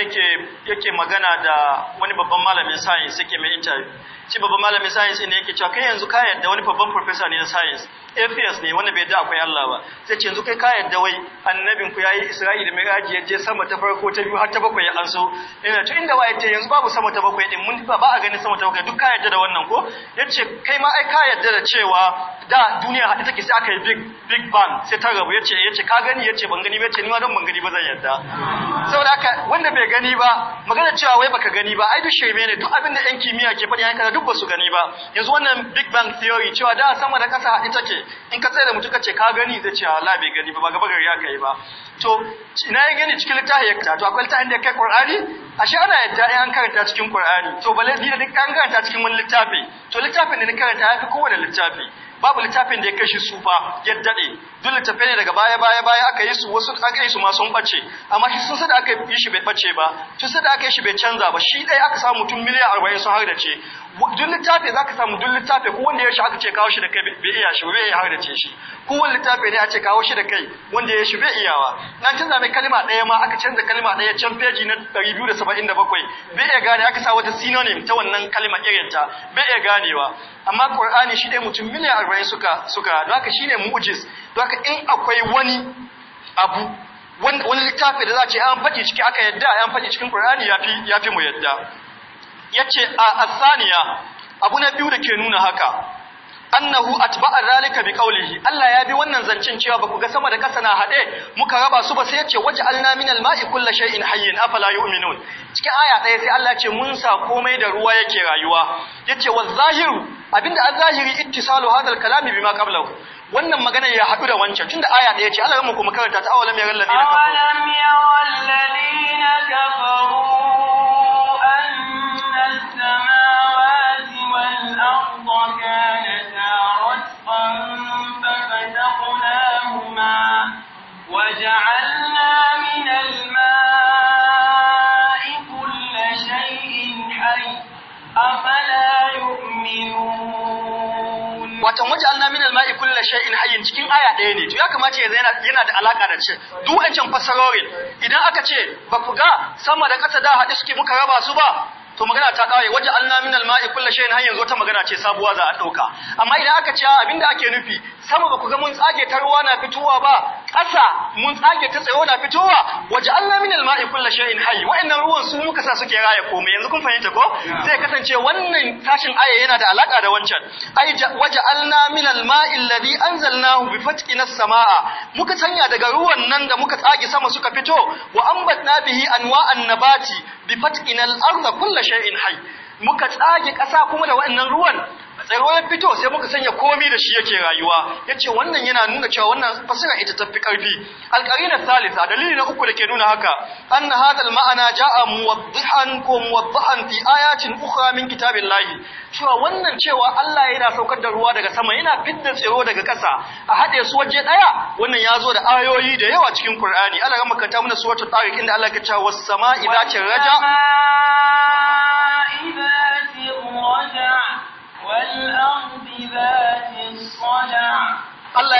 yake magana da wani babban malamin science yake mai interview shi babban malamin science ne yake cewa kai yanzu ka yarda wani babban professor ne na science atheist ne wanda bai yarda akwai Allah ba sai ce yanzu kai ka yarda wai annabin ku yayi Isra'ila miraji ya je sama ta farko ta biyu har ta bakwai ya anso. ina to inda wai ta yanzu babu sama ta bakwai din mun ba a ganin sama ta bakwai duk ka yarda da wannan ko yace kai ma ai ka yarda da cewa da duniya haɗe take sai aka yi big big bang sai ta rabu yace yace ka gani yace ban gani ba yace ni ma dan ban gani ba zan yarda saboda haka wanda bai gani ba magana cewa wai baka gani ba ai duk shirme ne duk abin da yan kimiyya ke faɗi ka duk ba su gani ba yanzu wannan big bang theory cewa da sama da kasa haɗi take in ka tsaye da mutum kace ka gani zai ce Allah bai gani ba ba gaba gari ya kai ba to ina yin gani cikin littafi ya to akwai littafin da kai Qur'ani ashe ana yadda ai an karanta cikin Qur'ani to balle ni da kan karanta cikin wani littafi to littafin da ni karanta ya fi kowane littafi babu littafin da ya kashe su ba yadda ne duk littafin daga baya baya baya aka yi su wasu aka yi su ma sun bace amma shi sun sada aka yi shi bai bace ba sun sada aka yi shi bai canza ba shi dai aka samu mutum miliyan 40 sun har da ce duk littafi zaka samu duk littafi ko wanda ya shi aka ce kawo shi da kai bai iya shi bai iya harda ce shi ko wanda littafi ne a ce kawo shi da kai wanda ya shi bai wa. nan canza mai kalma ɗaya ma aka canza kalma ɗaya can feji na 277 bai iya gane aka sa wata synonym ta wannan kalma irin ta bai iya ganewa amma Qur'ani shi dai mutum miliyan 40 suka suka don haka shine mu'jiz don haka in akwai wani abu wani littafi da za a ce an faɗi ciki aka yadda an faɗi cikin Qur'ani yafi yafi mu yadda yace a asaniya abu na biyu da ke nuna haka annahu atba'a zalika biqawlihi Allah ya bi wannan zancin cewa baku ga sama da kasa na haɗe muka raba su ba sai yace waj'alna minal ma'i kulli shay'in hayyin afala yu'minun cikin aya ɗaya sai Allah ce mun sa komai da ruwa yake rayuwa yace wa zahiru abinda an zahiri ittisalu hadal kalami bima qablahu wannan magana ya haɗu da wancan tunda aya ɗaya ce Allah ya mu kuma karanta ta awalam yaral ladina kafaru awalam yaral ladina kafaru وكانتا رتقا ففتقناهما وجعلنا من الماء watan cikin aya ɗaya ne to ya kamata yana da alaka da ce duk wancan fasarorin idan aka ce ba ku ga sama da ƙasa da haɗe suke muka raba su ba to magana ta kawai waje Allah minal ma'i kullu shay'in har yanzu ta magana ce sabuwa za a dauka amma idan aka ce abinda ake nufi sama ba ku ga mun tsage ta ruwa na fitowa ba ƙasa mun tsage ta tsayo na fitowa waje Allah min alma'i kullu shay'in hayy wa'annan ruwan su muka sa suke raya komai yanzu kun fahimta ko zai kasance wannan tashin aya yana da alaka da wancan ai waje alna min alma'i alladhi anzalnahu bi fatqina samaa muka sanya daga ruwan nan da muka tsage sama suka fito wa ambatna bihi anwa'an nabati bi fatqina al-ardh kullu shay'in hayy muka tsage ƙasa kuma da wa'annan ruwan tsaro ya fito sai muka sanya komai da shi yake rayuwa yace wannan yana nuna cewa wannan fasira ita ta fi karfi alqarina salisa dalili na uku da ke nuna haka anna ma'ana ma'ana jaa muwaddihan ko muwaddihan fi ayatin ukhra min kitabillahi cewa wannan cewa Allah yana saukar da ruwa daga sama yana fitar tsaro daga ƙasa a haɗe su waje ɗaya wannan ya zo da ayoyi da yawa cikin ƙur'ani. Allah ya makanta mana suwatu tariq inda Allah ya ce was sama'i ta raja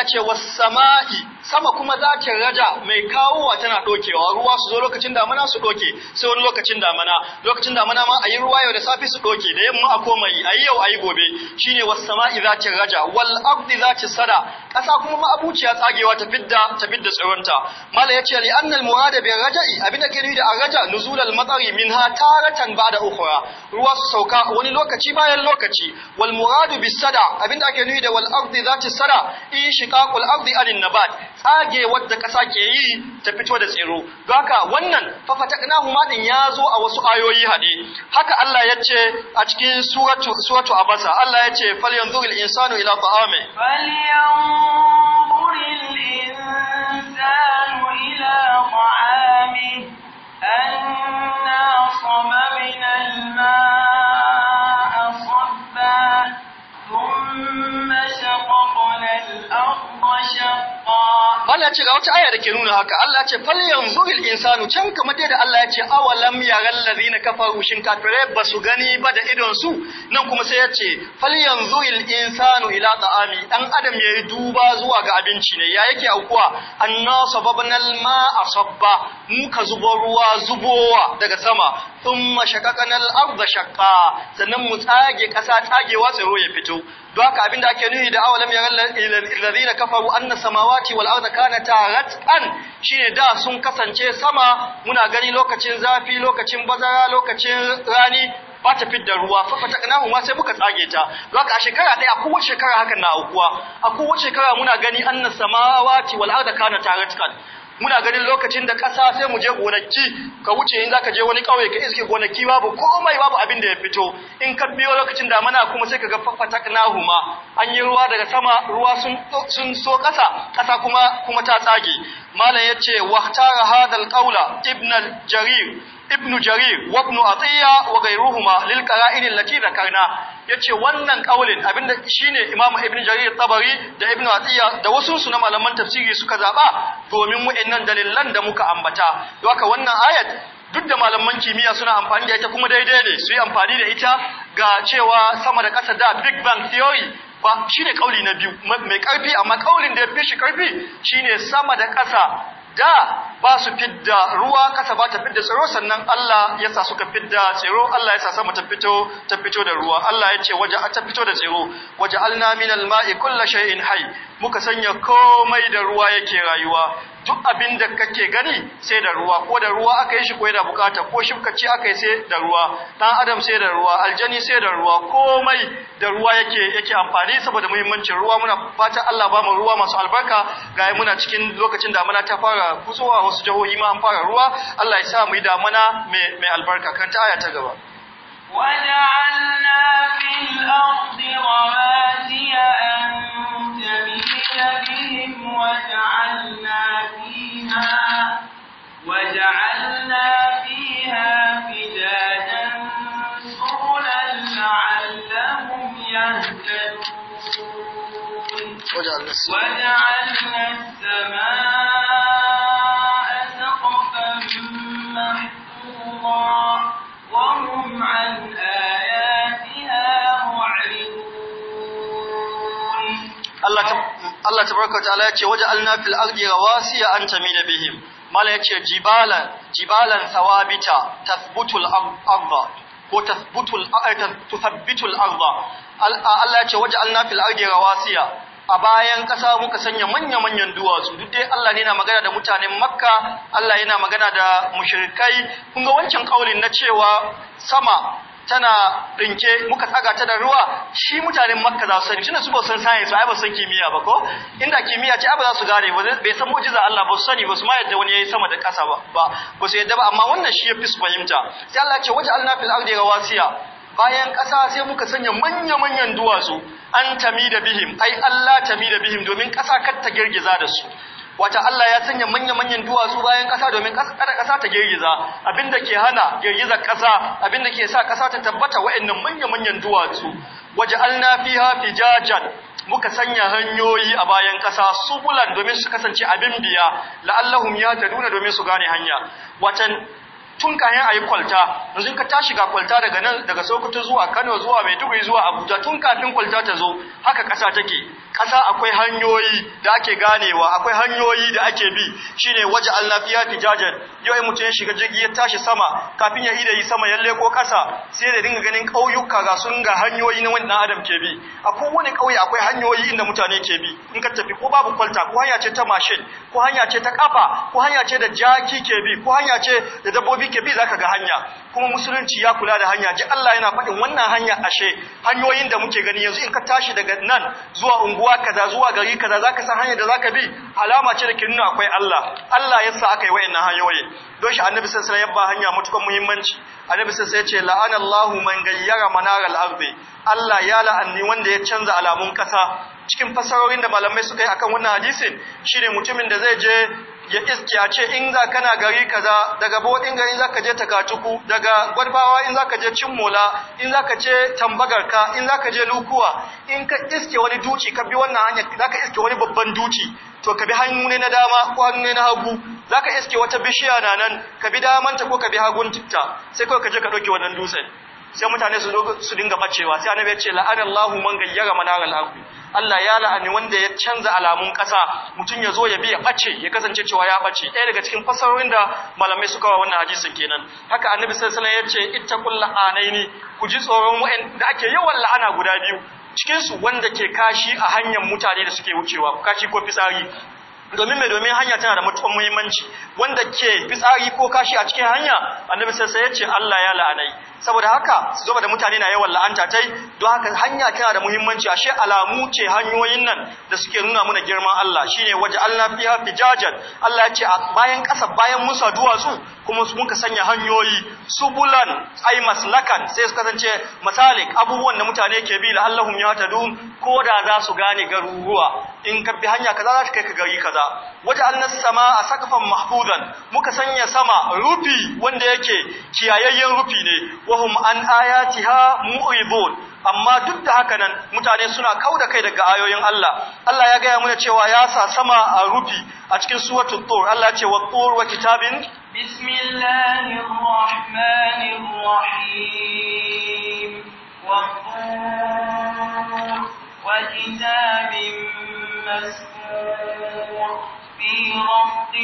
ce was sama kuma za ta raja mai kawowa tana dokewa ruwa su zo lokacin damana su doke sai wani lokacin damana lokacin damana ma a yi ruwa yau da safi su doke da yamma a komai ayi yau ayi gobe shine wasu sama'i za ta raja wal ardi za ta sada Ƙasa kuma ma abuciya tsagewa ta fidda ta fidda tsoronta mala yace li annal murada bi raja'i abinda ke da raja nuzul al matsari minha taratan ba'da ukhra ruwa su sauka wani lokaci bayan lokaci wal muradu sada abinda ake nuyi da wal ardi za ta sada in shiqaqul ardi anin nabat tsage wadda ƙasa ke yi ta fito da tsiro don haka wannan fafataknahu ma din ya zo a wasu ayoyi haɗe haka Allah ya ce a cikin suratu suratu abasa Allah ya ce fal yanzuril insanu ila ta'ami fal yanzuril insanu ila ta'ami anna samamna al-ma'a sabba thumma shaqaqna al-ardha shaqqa Allah ce ga wata aya da ke nuna haka Allah ce fal yanzuril insanu can kamar dai da Allah ya ce awalam yaral na kafaru shin kafirai ba su gani ba da idon su nan kuma sai ya ce fal yanzuril insanu ila ta'ami dan adam yayi duba zuwa ga abinci ne ya yake aukuwa anna sababnal a sabba muka zubo ruwa zubowa daga sama thumma shaqaqnal arda shaqqa sannan mu tsage ƙasa tsagewa tsaro ya fito don haka abinda ake nuni da awalam ya lalazina kafaru anna samawati wal arda kanata ratqan shine da sun kasance sama muna gani lokacin zafi lokacin bazara lokacin rani ba ta fidda ruwa fa fataknahu ma sai muka tsage ta zaka a shekara dai a kowace shekara hakan na aukuwa a kowace shekara muna gani annas samawati wal arda kanat taratkan muna ganin lokacin da ƙasa sai mu je gonaki ka wuce in zaka je wani ƙauye ka iske gonaki babu komai babu abin da ya fito in ka biyo lokacin da damana kuma sai ka ga huma an yi ruwa daga sama ruwa sun sun so ƙasa ƙasa kuma kuma ta tsage malam yace wahtara hadal qaula ibn al-jarir ibn jarir wa ibn atiya wa ghayruhuma lil qara'in allati dhakarna yace wannan kaulin abinda shine imam ibn jarir tabari da ibn atiya da wasu na malaman tafsiri suka zaba domin wayannan dalilan da muka ambata don haka wannan ayat duk da malaman kimiyya suna amfani da ita kuma daidai ne su yi amfani da ita ga cewa sama da ƙasa da big bang theory ba shine ne na biyu mai ƙarfi amma kaulin da ya fi shi ƙarfi shi ne sama da ƙasa da ba su fidda ruwa kasa ba ta fidda tsiro sannan Allah ya sa suka fidda tsiro Allah ya sa sama ta fito ta fito da ruwa Allah ya ce waje ta fito da tsiro waje alna minal ma'i kullu shay'in hayy muka sanya komai da ruwa yake rayuwa duk abin da kake gani sai da ruwa ko da ruwa aka yi shi ko yana bukata ko shifka ce aka yi sai da ruwa Ɗan adam sai da ruwa aljani sai da ruwa komai da ruwa yake yake amfani saboda muhimmancin ruwa muna fatan Allah ba mu ruwa masu albarka ga muna cikin lokacin da muna ta fara kusowa wasu jihohi ma an fara ruwa Allah ya sa mu yi damuna mai albarka kan ta aya ta gaba وجعلنا في الأرض رواسي أن تميد بهم وجعلنا وجعلنا فيها فجاجا سبلا لعلهم يهتدون Allah tabaraka ta'ala ya ce waja'alna fil ardi rawasiya an tamida bihim mala ya ce jibalan jibalan thawabita tathbutul arda ko tathbutul eh, tuthabbitul arda Allah ya ce waja'alna fil ardi rawasiya a bayan ƙasa muka sanya manya-manyan duwatsu duk dai Allah ne yana magana da mutanen Makka Allah yana magana da mushrikai kun ga wancan kaulin na cewa sama tana rinke muka tsaga ta da ruwa shi mutanen makka za su sani tunda su ba san science ba ai ba san kimiyya ba ko inda kimiyya ce ai ba za su gane ba bai san mu'jiza Allah ba su sani ba su ma yadda wani yayi sama da ƙasa ba ba su yadda ba amma wannan shi ya fi su fahimta sai Allah ce waje Allah fil ardi rawasiya bayan kasa sai muka sanya manya-manyan duwatsu an tamida da bihim ai Allah tami da bihim domin kasa kar ta girgiza da su wata Allah ya sanya manya-manyan duwatsu bayan ƙasa domin kada ƙasa ta girgiza abinda ke hana girgizar ƙasa abinda ke sa ƙasa ta tabbata wa'annan manya-manyan duwatsu waja'alna fiha fijajan muka sanya hanyoyi a bayan ƙasa subulan domin su kasance abin biya la'allahum taduna domin su gane hanya watan tun kayan a yi kwalta yanzu ka tashi ga kwalta daga nan daga sokoto zuwa kano zuwa maiduguri zuwa abuja tun kafin kwalta ta zo haka ƙasa take ƙasa akwai hanyoyi da ake ganewa akwai hanyoyi da ake bi shine waje allafiya tijajen yau mutum ya shiga jirgi ya tashi sama kafin ya ida yi sama yalle ko ƙasa sai da dinga ganin ƙauyuka ga sun ga hanyoyi na wani adam ke bi a kowane ƙauye akwai hanyoyi inda mutane ke bi in ka tafi ko babu kwalta ko hanya ce ta mashin ko hanya ce ta kafa ko hanya ce da jaki ke bi ko hanya ce da dabbobi ke bi zaka ga hanya kuma musulunci ya kula da hanya ji Allah yana faɗin wannan hanya ashe hanyoyin da muke gani yanzu in ka tashi daga nan zuwa unguwa kaza zuwa gari kaza zaka san hanya da zaka bi alama ce da kin nuna akwai Allah Allah ya sa aka yi wayannan hanyoyi don shi annabi sallallahu alaihi wasallam ya ba hanya mutukan muhimmanci annabi sallallahu alaihi ya ce la'anallahu man gayyara manaral ardi Allah ya la'anni wanda ya canza alamun kasa cikin fasarorin da malamai suka yi akan wannan hadisin shine mutumin da zai je ya iskiya ce in za kana gari kaza daga bodin gari za ka je takatuku daga gwadbawa in za ka je cimmola in za ka je tambagarka in za ka je lukuwa in ka iske wani duci ka bi wannan hanyar za ka iske wani babban duci to ka bi hannu ne na dama ko hannu ne na hagu za ka iske wata bishiya na nan ka bi damanta ko ka bi hagunta sai kawai ka je ka ɗauki wannan dutsen sai mutane su su dinga bacewa sai annabi ya ce la'anallahu man gayyara manaral ardi Allah ya la'ani wanda ya canza alamun kasa mutum ya zo ya bi ya bace ya kasance cewa ya bace Daya daga cikin fasarorin da malamai suka wa wannan hadisin kenan haka annabi sallallahu alaihi wasallam ya ce ittaqul la'anaini ku ji tsoron wa'in da ake yawan la'ana guda biyu cikin su wanda ke kashi a hanyar mutane da suke wucewa kashi ko fitsari domin mai domin hanya tana da matuƙar muhimmanci wanda ke fitsari ko kashi a cikin hanya annabi sai ya ce Allah ya la'anai saboda haka su zo da mutane na yawan la'anta tai don haka hanya tana da muhimmanci ashe alamu ce hanyoyin nan da suke nuna muna girman Allah shine waje Allah fiha fijajan Allah ya ce bayan kasa bayan musa duwatsu kuma muka sanya hanyoyi subulan ay maslakan sai su kasance masalik abubuwan da mutane ke bi la'allahum du. ko da za su gane garuruwa in ka bi hanya kaza za ta kai ka gari kaza waje Allah sama a sakafan mahfuzan muka sanya sama rufi wanda yake kiyayayyen rufi ne wahum an ayatiha mu'ibun amma duk da haka nan mutane suna kauda kai daga ayoyin Allah Allah ya gaya mana cewa ya sa sama a rufi a cikin suratul tur Allah ce wa tur wa kitabin bismillahir في رق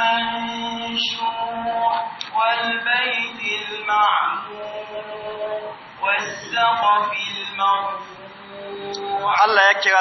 منشور والبيت المعمور والسقف المرفوع الله يكرا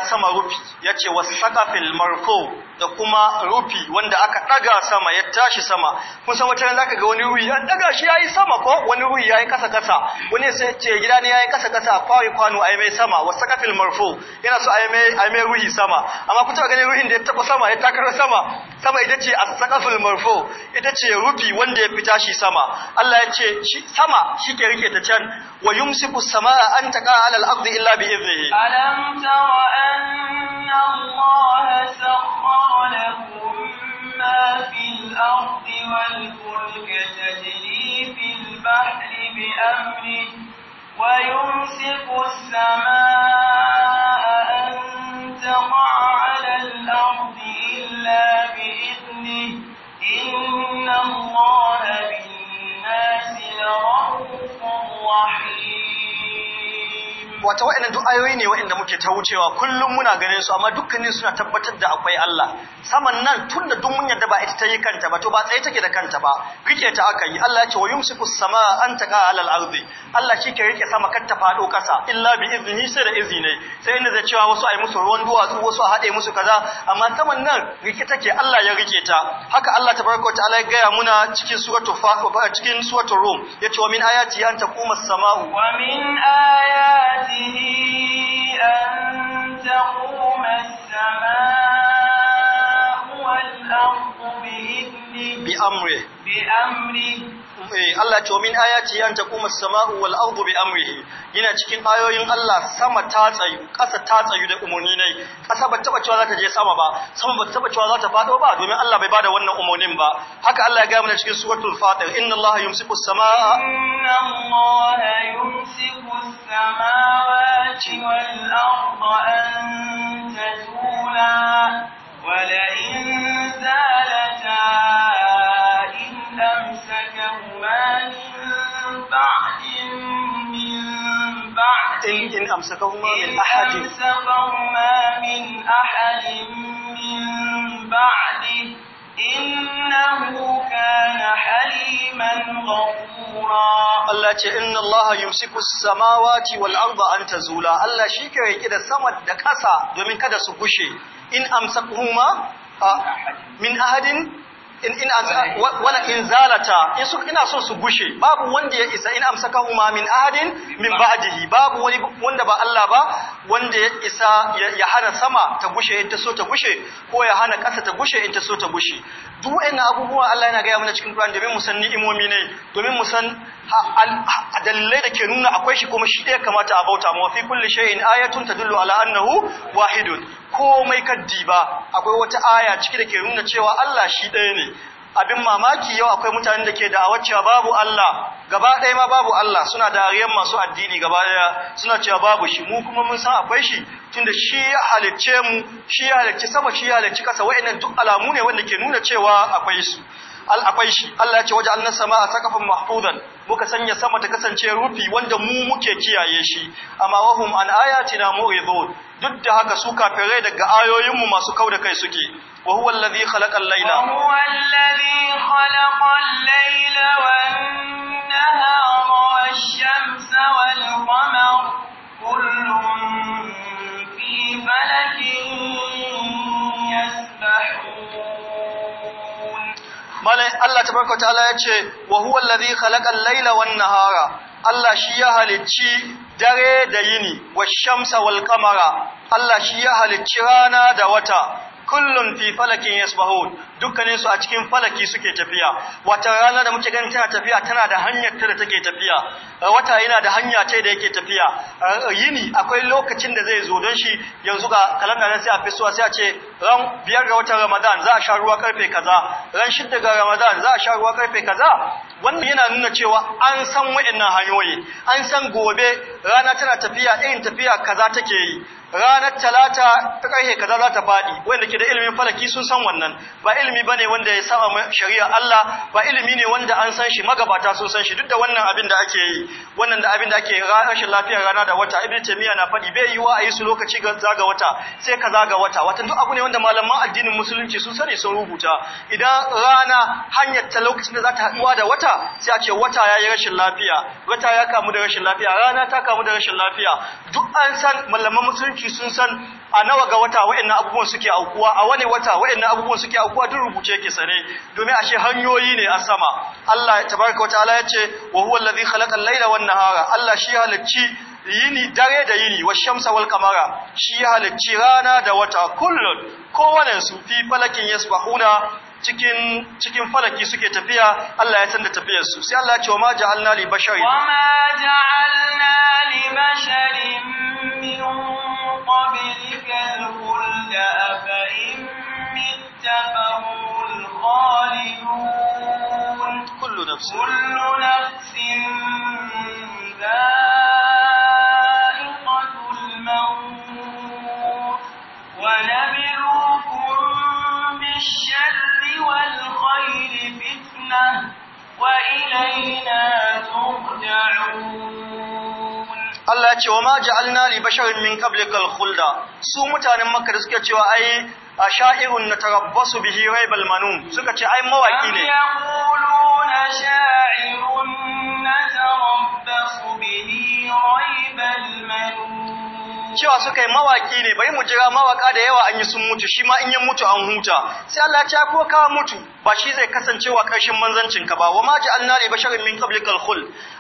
المرفوع da kuma rufi wanda aka daga sama ya tashi sama kun san wata zaka ga wani ruhi an daga shi yayi sama ko wani ruhi yayi kasa kasa wani sai ce gida ne yayi kasa kasa kwai kwano ai mai sama Wa wasaqafil marfu yana so ai mai ai mai ruhi sama amma kun taba ganin ruhin da ya taba sama ya takaro sama sama ita ce as-saqafil marfu ita ce rufi wanda ya fita shi sama Allah ya ce shi sama shike rike ta can wa yumsiku samaa an taqa ala al-ardi illa bi idnihi alam tara anna Allah sakhara وسخر لهم ما في الأرض والفلك ويمسك السماء tabbata waɗannan duk ayoyi ne waɗanda muke ta wucewa kullum muna ganin su amma dukkanin suna tabbatar da akwai Allah saman nan tun dun munyar da ba ita ta yi kanta ba to ba tsaye take da kanta ba rike ta aka yi Allah ya ce wa yumsiku samaa an taqa ala al-ardi Allah shi ke rike sama kanta fado kasa illa bi izni sai da izini sai inda zai cewa wasu ai musu ruwan su wasu a haɗe musu kaza amma saman nan rike take Allah ya rike ta haka Allah tabaraka ta'ala ya gaya muna cikin suratul cikin suratul rum yace wa min ayati an taquma as sama'u. wa min ayati بأمره بأمره Eh, Allah ce min ayati an taquma as-sama'u wal ardu bi amrihi yana cikin ayoyin Allah sama ta tsayu ta tsayu da umurni ne ƙasa ba taba cewa za ta je sama ba sama ba taba cewa za ta fado ba domin Allah bai bada wannan umurnin ba haka Allah ya ga mana cikin suratul fatir inna Allah yumsiku as-samaa inna Allah yumsiku as-samawati wal arda an tazula wa la in zalata ينفعهما من بعد من إن, إن أمسكهما من أحد إن أمسكهما من أحد من بعده إنه كان حليما غفورا Allah ce inna Allah yumsiku samawati wal arda an Allah shi ke yake da sama da ƙasa domin kada su gushe min ahadin in in wala in zalata in su ina so su gushe babu wanda ya isa in amsaka huma min ahadin min ba'dihi babu wani wanda ba Allah ba wanda ya isa ya hana sama ta gushe in ta so ta gushe ko ya hana ƙasa ta gushe in ta so ta gushe duk wannan abubuwa Allah yana ga mana cikin Qur'ani domin mu san ne domin mu san dalilai da ke nuna akwai shi kuma shi ɗaya kamata a bauta ma kulle kulli shay'in ayatun ta ala annahu wahidun komai kaddi ba akwai wata aya ciki da ke nuna cewa Allah shi ɗaya ne abin mamaki yau akwai mutanen da ke da cewa babu Allah gaba ɗaya ma babu Allah suna dariyar masu addini gaba ɗaya suna cewa babu shi mu kuma mun san akwai shi tunda shi ya halicce mu shi ya halicci sama shi ya halicci kasa wa'annan duk alamu ne wanda ke nuna cewa akwai su shi Allah ya ce waje sama a sakafan mahfudan muka sanya sama ta kasance rufi wanda mu muke kiyaye shi amma wahum an ayatina mu'ridun duk da haka su kafirai daga ayoyinmu masu kau da kai suke wa huwa allazi khalaqa al-laila wa huwa allazi khalaqa al-laila wan nahara wash-shamsa wal-qamara kullun fi falakin malai Allah tabaraka ta'ala ya ce wa huwa allazi khalaqa al-laila wan-nahara Allah shi ya halicci dare da yini wa shamsa wal-qamara Allah shi ya halicci rana da wata kullum fi falakin yasbahun dukkanin su a cikin falaki suke tafiya wata rana da muke ganin tana tafiya tana da hanyar ta da take tafiya wata yana da hanya ce da yake tafiya yini akwai lokacin da zai zo don shi yanzu ga kalanda sai a fisuwa sai a ce ran biyar ga watan Ramadan za a sha ruwa karfe kaza ran shidda ga Ramadan za a sha ruwa karfe kaza wannan yana nuna cewa an san wa'annan hanyoyi an san gobe rana tana tafiya irin tafiya kaza take yi ranar talata ta ƙarfe kaza za ta faɗi wanda ke da ilimin falaki sun san wannan ba ilimi bane wanda ya saba shari'a Allah ba ilimi ne wanda an san shi magabata sun san shi duk da wannan abin da ake yi wannan da abin da ake rashin lafiyar rana da wata ibnu taymiya na faɗi bai yiwa a yi su lokaci ga zaga wata sai ka zaga wata wata duk abu ne wanda malaman addinin musulunci sun sani sun rubuta idan rana hanyar ta lokacin da za ta haɗuwa da wata sai a ce wata ya yi rashin lafiya wata ya kamu da rashin lafiya rana ta kamu da rashin lafiya duk an san malaman musulunci hukunci sun san a nawa ga wata wa'annan abubuwan suke aukuwa a wani wata wa'annan abubuwan suke aukuwa duk rubuce yake sane domin ashe hanyoyi ne a sama Allah tabaraka wataala ya ce wa huwa allazi khalaqa al-laila wan-nahara Allah shi halicci yini dare da yini wa shamsa wal qamara shi halicci rana da wata kullun kowane su fi falakin yasbahuna cikin cikin falaki suke tafiya Allah ya tanda tafiyar su sai Allah ya ce wa ma ja'alna li bashari wa ma ja'alna li basharin min قبلك الخلد أفإن مت فهم الخالدون كل نفس كل نفس ذائقة الموت ونبلوكم بالشر والخير فتنة وإلينا ترجعون Allah ya ce wa ma ja'alna li basharin min qablikal khulda su mutanen Makka da suke cewa ai asha'irun natarabbasu bihi raibal manum suka ce ai mawaki ne yaquluna sha'irun natarabbasu bihi raibal manum cewa suka yi mawaki ne bai mu jira mawaka da yawa an yi sun mutu shi ma in ya mutu an huta sai Allah ya ce ko ka mutu ba shi zai kasance wa ƙarshen manzancinka ba wa ma ja'alna li basharin min qablikal khul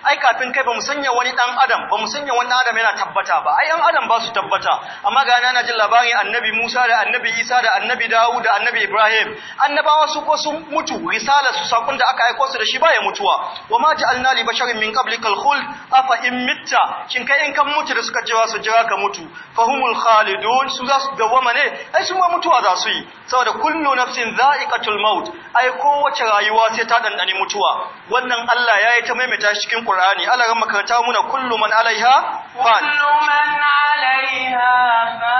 ai kafin kai ba mu sanya wani dan adam ba mu sanya wani adam yana tabbata ba ai an adam ba su tabbata amma ga nan jin labarin annabi Musa da annabi Isa da annabi Dawud da annabi Ibrahim annabawa su ko sun mutu risala su sakon da aka aika su da shi ba ya mutuwa wa ma ja'alna li basharin min qablikal khul afa in mitta shin kai in kan mutu da suka jira su jira ka mutu fahumul khalidun su za su ne ai su ma mutuwa za su yi saboda kullu nafsin dha'iqatul maut ai kowace rayuwa sai ta dandani mutuwa wannan Allah ya yi ta maimaita shi cikin Qur'ani Allah ya makaranta muna kullu man alaiha fan kullu man alaiha fan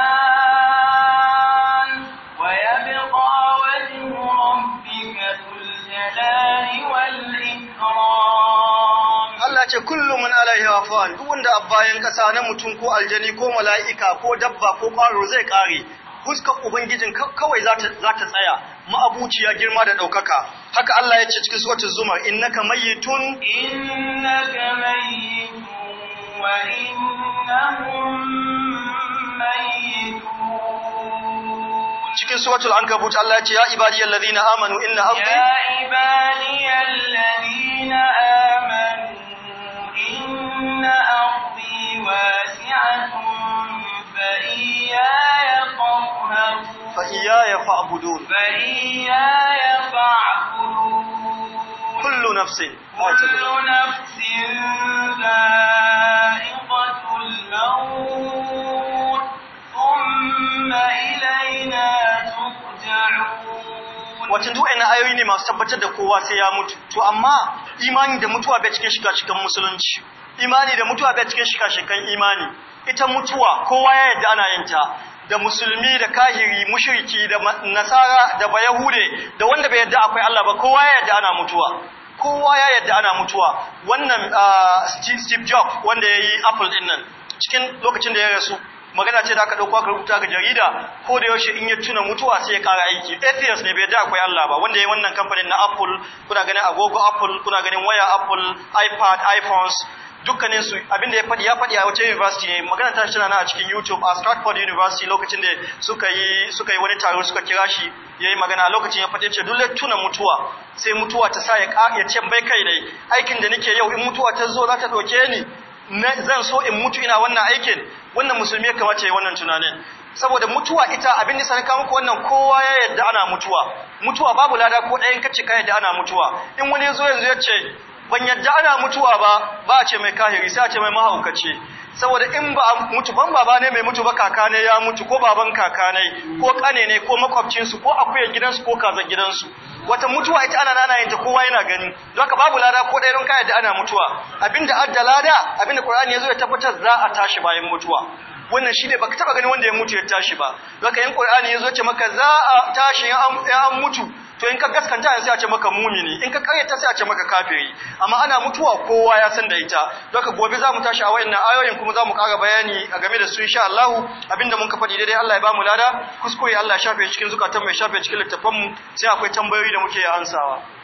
wa yabqa wajhu rabbika dhul jalali wal ikram Allah ce kullu man alaiha fan duk wanda a bayan kasa na mutum ko aljani ko mala'ika ko dabba ko kwaro zai kare fuskar ubangijin kawai za ta tsaya ma'abuciya girma da ɗaukaka haka Allah ya ce cikin suratul zumar innaka mayyitun innaka mayyitun wa innahum mayyitun cikin suratul Allah ya ce ya ibadiyar ladina amanu inna amri ya ibadiyal ladina فإياي فاعبدون فإياي فاعبدون كل نفس كل نفس ذائقة الموت ثم إلينا wacin duk ina ayoyi ne masu tabbatar da kowa sai ya mutu to amma imani da mutuwa bai cikin shiga cikin musulunci imani da mutuwa bai cikin shiga cikin imani ita mutuwa kowa ya yadda ana yin ta da musulmi da kahiri mushriki da nasara da bayahude da wanda bai yadda akwai Allah ba kowa ya yadda ana mutuwa kowa ya yadda ana mutuwa wannan ah, Steve Jobs wanda ya yi Apple din nan cikin lokacin da ya rasu magana ce da aka dauko aka rubuta ga jarida ko da yaushe in ya tuna mutuwa sai ya kara aiki atheist ne bai yadda akwai Allah ba wanda yi wannan kamfanin na Apple kuna ganin agogo Apple kuna ganin waya Apple iPad iPhones dukkanin su abinda ya faɗi ya faɗi a wata university ne magana ta tana a cikin YouTube a Stratford University lokacin da suka yi suka yi wani taro suka kira shi yayi magana lokacin ya faɗi ce dole tuna mutuwa sai mutuwa ta sa ya ya ce bai kai dai aikin da nake yau in mutuwa ta zo za ta doke ni zan so in mutu ina wannan aikin wannan musulmi ya kamata yi wannan tunanin saboda mutuwa ita abin da sanaka muku wannan kowa ya yarda ana mutuwa mutuwa babu lada ko ɗayan kace ka yarda ana mutuwa in wani yazo yanzu ya ce ban yadda ana mutuwa ba ba ce mai kahiri sai a ce mai mahaukaci saboda in ba mutu ban baba ne mai mutu ba kaka ne ya mutu ko baban kaka ne ko kane ne ko su ko akuyar gidansu ko gidan gidansu wata mutuwa ita ana nana yanta kowa yana gani don haka babu lada ko ɗaya don ka ana mutuwa abinda adda lada abinda qur'ani ya zo ya tabbatar za a tashi bayan mutuwa wannan shi ne baka taba gani wanda ya mutu ya tashi ba haka in qur'ani yazo ce maka za a tashi ya an mutu to in ka gaskanta sai a ce maka mumini in ka karyata sai a ce maka kafiri amma ana mutuwa kowa ya san da ita doka gobe za mu tashi a wayannan ayoyin kuma za mu ƙara bayani a game da su insha Allah abinda mun ka faɗi daidai Allah ya ba mu lada kuskure Allah ya shafe cikin zukatan mai shafe cikin littafan mu sai akwai tambayoyi da muke ansawa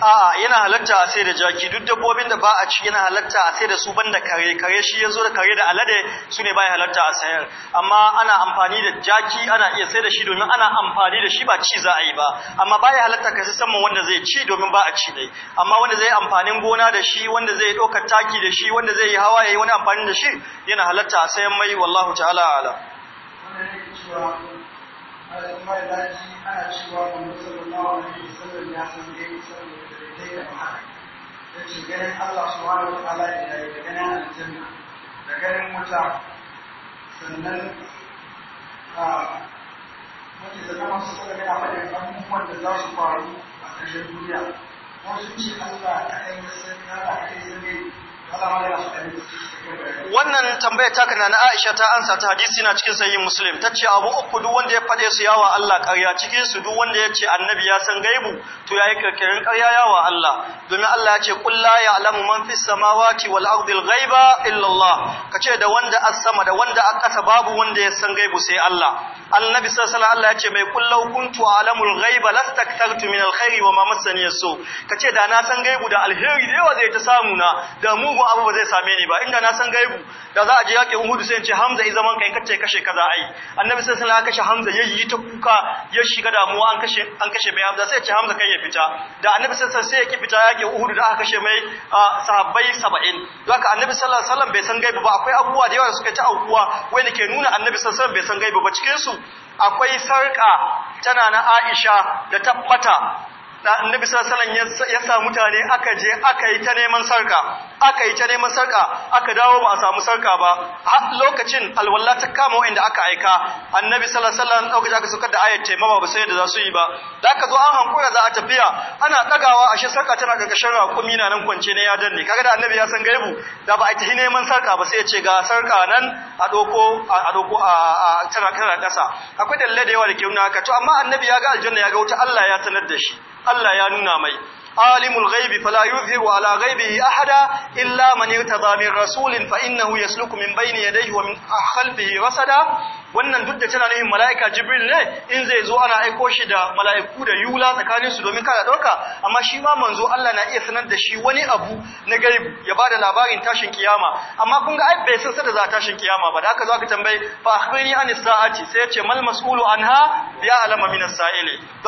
a'a yana halatta a sai da jaki duk dabbobin da ba a ci yana halatta a sai da su banda kare kare shi yanzu da kare da alade su ne bai halatta a sayar amma ana amfani da jaki ana iya sai da shi domin ana amfani da shi ba ci za a yi ba amma bai halatta ka san wanda zai ci domin ba a ci dai amma wanda zai amfanin gona da shi wanda zai ɗaukar taki da shi wanda zai yi hawa yayi wani amfani da shi yana halatta a sayan mai wallahu ta'ala ala ana cewa Muhammad sallallahu alaihi wasallam ya san dai ta ce ganin Allah subhanahu wa ta'ala da da ganin da ganin wuta sannan a wace da zama su gana abubuwan da za su faru a ƙarshen duniya wasu ce Allah ta yi wasu ya ta kai zane wannan tambayar ta na Aisha ta ansa ta hadisi na cikin sahihin Muslim tace abu uku duk wanda ya fade su yawa Allah ƙarya cikin su duk wanda yace annabi ya san gaibu to yayi kirkirin ƙarya yawa Allah domin Allah ya ce qul la ya'lamu man fis samawati wal ardi al ghaiba illa Allah kace da wanda as sama da wanda a ƙasa babu wanda ya san gaibu sai Allah annabi sallallahu alaihi Allah ya ce mai qul law kuntu a'lamu al ghaiba lastaktartu min al khairi wa ma massani yasu kace da na san gaibu da alheri da yawa zai ta samu na da mu mugun abu ba zai same ni ba inda na san gaibu da za a je yaƙin Uhud sai in ce Hamza in zaman kai kace kashe kaza ai annabi sai sallallahu kashe Hamza yayi ta kuka ya shiga damuwa an kashe an kashe mai Hamza sai ya ce Hamza kai ya fita da annabi sallallahu sai ya ki fita yaƙin Uhud da aka kashe mai sahabbai 70 haka annabi sallallahu alaihi wasallam bai san gaibu ba akwai abubuwa da yawa suka ta aukuwa ne ke nuna annabi sallallahu alaihi wasallam bai san gaibu ba cikin su akwai sarka tana na Aisha da tabbata Da annabi sallallahu ya sa mutane aka je aka yi ta neman sarka aka yi ta neman sarka aka dawo ba a samu sarka ba a lokacin alwala ta kama wanda aka aika annabi sallallahu alaihi lokacin aka sokar da ayat taimama ba sai da za yi ba da aka zo an hankura za a tafiya ana dagawa ashe sarka tana karkashin raƙumi na nan kwance ne ya danne kaga da annabi ya san gaibu da ba a ta neman sarka ba sai ya ce ga sarka nan a doko a doko a tana kana kasa akwai dalle da yawa da ke nuna haka to amma annabi ya ga aljanna ya ga wuta Allah ya sanar da shi Allah ya nuna mai alimul ghaibi fala yuzhiru ala ghaibihi ahada illa man irtada rasulin fa innahu yasluku min bayni yadayhi wa min khalfihi rasada wannan duk da tana nihin mala'ika jibril ne in zai zo ana aiko shi da mala'iku da yula tsakanin su domin kada dauka amma shi ma manzo Allah na iya sanar da shi wani abu na gaibu ya bada labarin tashin kiyama amma kun ga ai bai san sada za tashin kiyama ba da haka zo tambaye fa akhbirni an sa'ati sai ya ce mal mas'ulu anha ya alama min as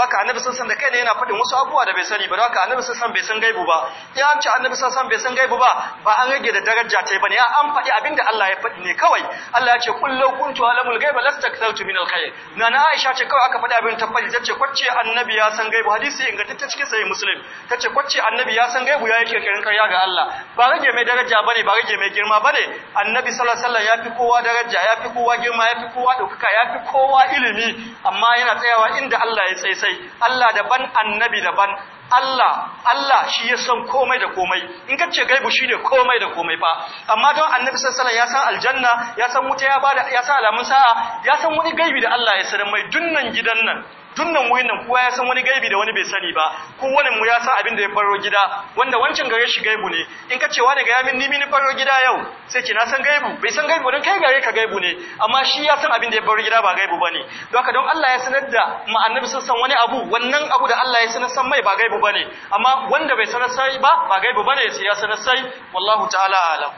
haka annabi sun san da kai ne yana faɗin wasu abubuwa da bai sani ba haka annabi sun san bai san gaibu ba ya ce annabi sun san bai san gaibu ba ba an rage da daraja ta bane ya an faɗi abinda Allah ya faɗi ne kawai Allah ya ce kullu kuntu alamul gaiba ghaiba min alkhair na na Aisha ce kawai aka faɗa abin tabbaci tace kwacce annabi ya san gaibu hadisi ingantacce cikin sahih muslim tace kwacce annabi ya san gaibu yayi kirkirin karya ga Allah ba rage mai daraja bane ba rage mai girma bane annabi sallallahu alaihi wasallam fi kowa daraja fi kowa girma yafi kowa yafi kowa ilimi amma yana tsayawa inda Allah ya tsaye sai Allah daban annabi daban Allah Allah shi ya san komai da komai in ka ce gaibu ne komai da komai fa amma don annabi sallallahu alaihi ya san aljanna ya san wuta ya bada ya san alamun sa'a ya san wani gaibi da Allah ya sanar mai dunnan gidan nan dunnan wurin nan kowa ya san wani gaibi da wani bai sani ba wani mu ya san abin da ya faro gida wanda wancan gare shi gaibu ne in ka ce cewa daga yamin ni mini faro gida yau sai ki na san gaibu bai san gaibu don kai gare ka gaibu ne amma shi ya san abin da ya faro gida ba gaibu bane don haka don Allah ya sanar da mu annabi sun san wani abu wannan abu da Allah ya sanar san mai ba gaibu bane amma wanda bai sanar sai ba ba gaibu bane sai ya sanar sai wallahu ta'ala alam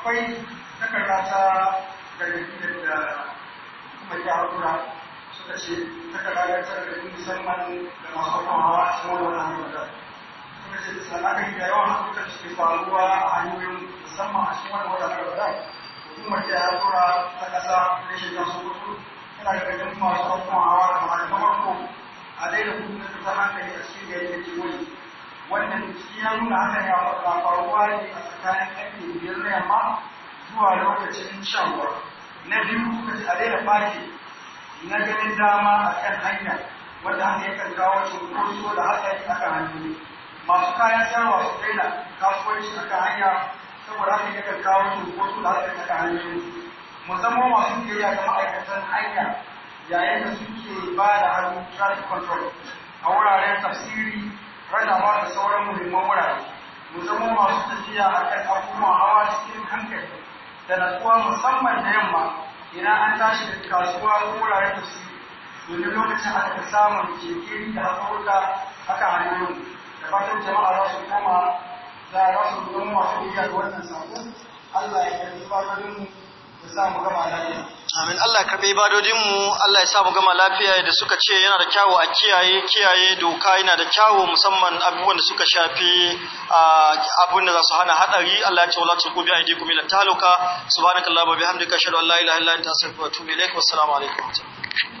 akwai takarda ta da da kuma ya hakura ce ta kada ta da a cikin yawan hakuta faruwa a a cikin hukumar jihar ta kasa da shirin su hudu tana farko a hukumar ta hankali a cikin wannan ciki ya nuna hakan ne a tsakanin ƙarfe biyar na yamma zuwa lokacin shan ruwa biyu kuma a daina faki na ganin dama a kan hanya wanda haka yakan kawo cunkoso da hatsari a kan masu kayan sarwa su daina kasuwanci a kan hanya saboda haka yakan kawo cunkoso da hatsari a kan hanyoyi musamman masu biyayya ga ma'aikatan hanya yayin da suke ba da hannu traffic control a wuraren tafsiri rarraba da sauran muhimman wurare musamman masu tafiya a kan abubuwan hawa cikin hankali da natsuwa musamman da yamma idan an tashi da kasuwa ko wuraren su domin lokacin aka samun jinkiri da haƙurta haka hanyoyin da fatan jama'a za su koma za rasu zama masu iya wannan sako Allah ya karɓi fatorinmu Amin Allah ka bai badodinmu Allah ya samu gama lafiya da suka ce yana da kyawu a kiyaye kiyaye doka yana da kyawu musamman abubuwan da suka shafi abun da za su hana hadari Allah ya ce wala tuqu bi aidikum ila taluka subhanakallahumma bihamdika ashhadu an la ilaha illa anta astaghfiruka wa atubu ilaik wassalamu alaikum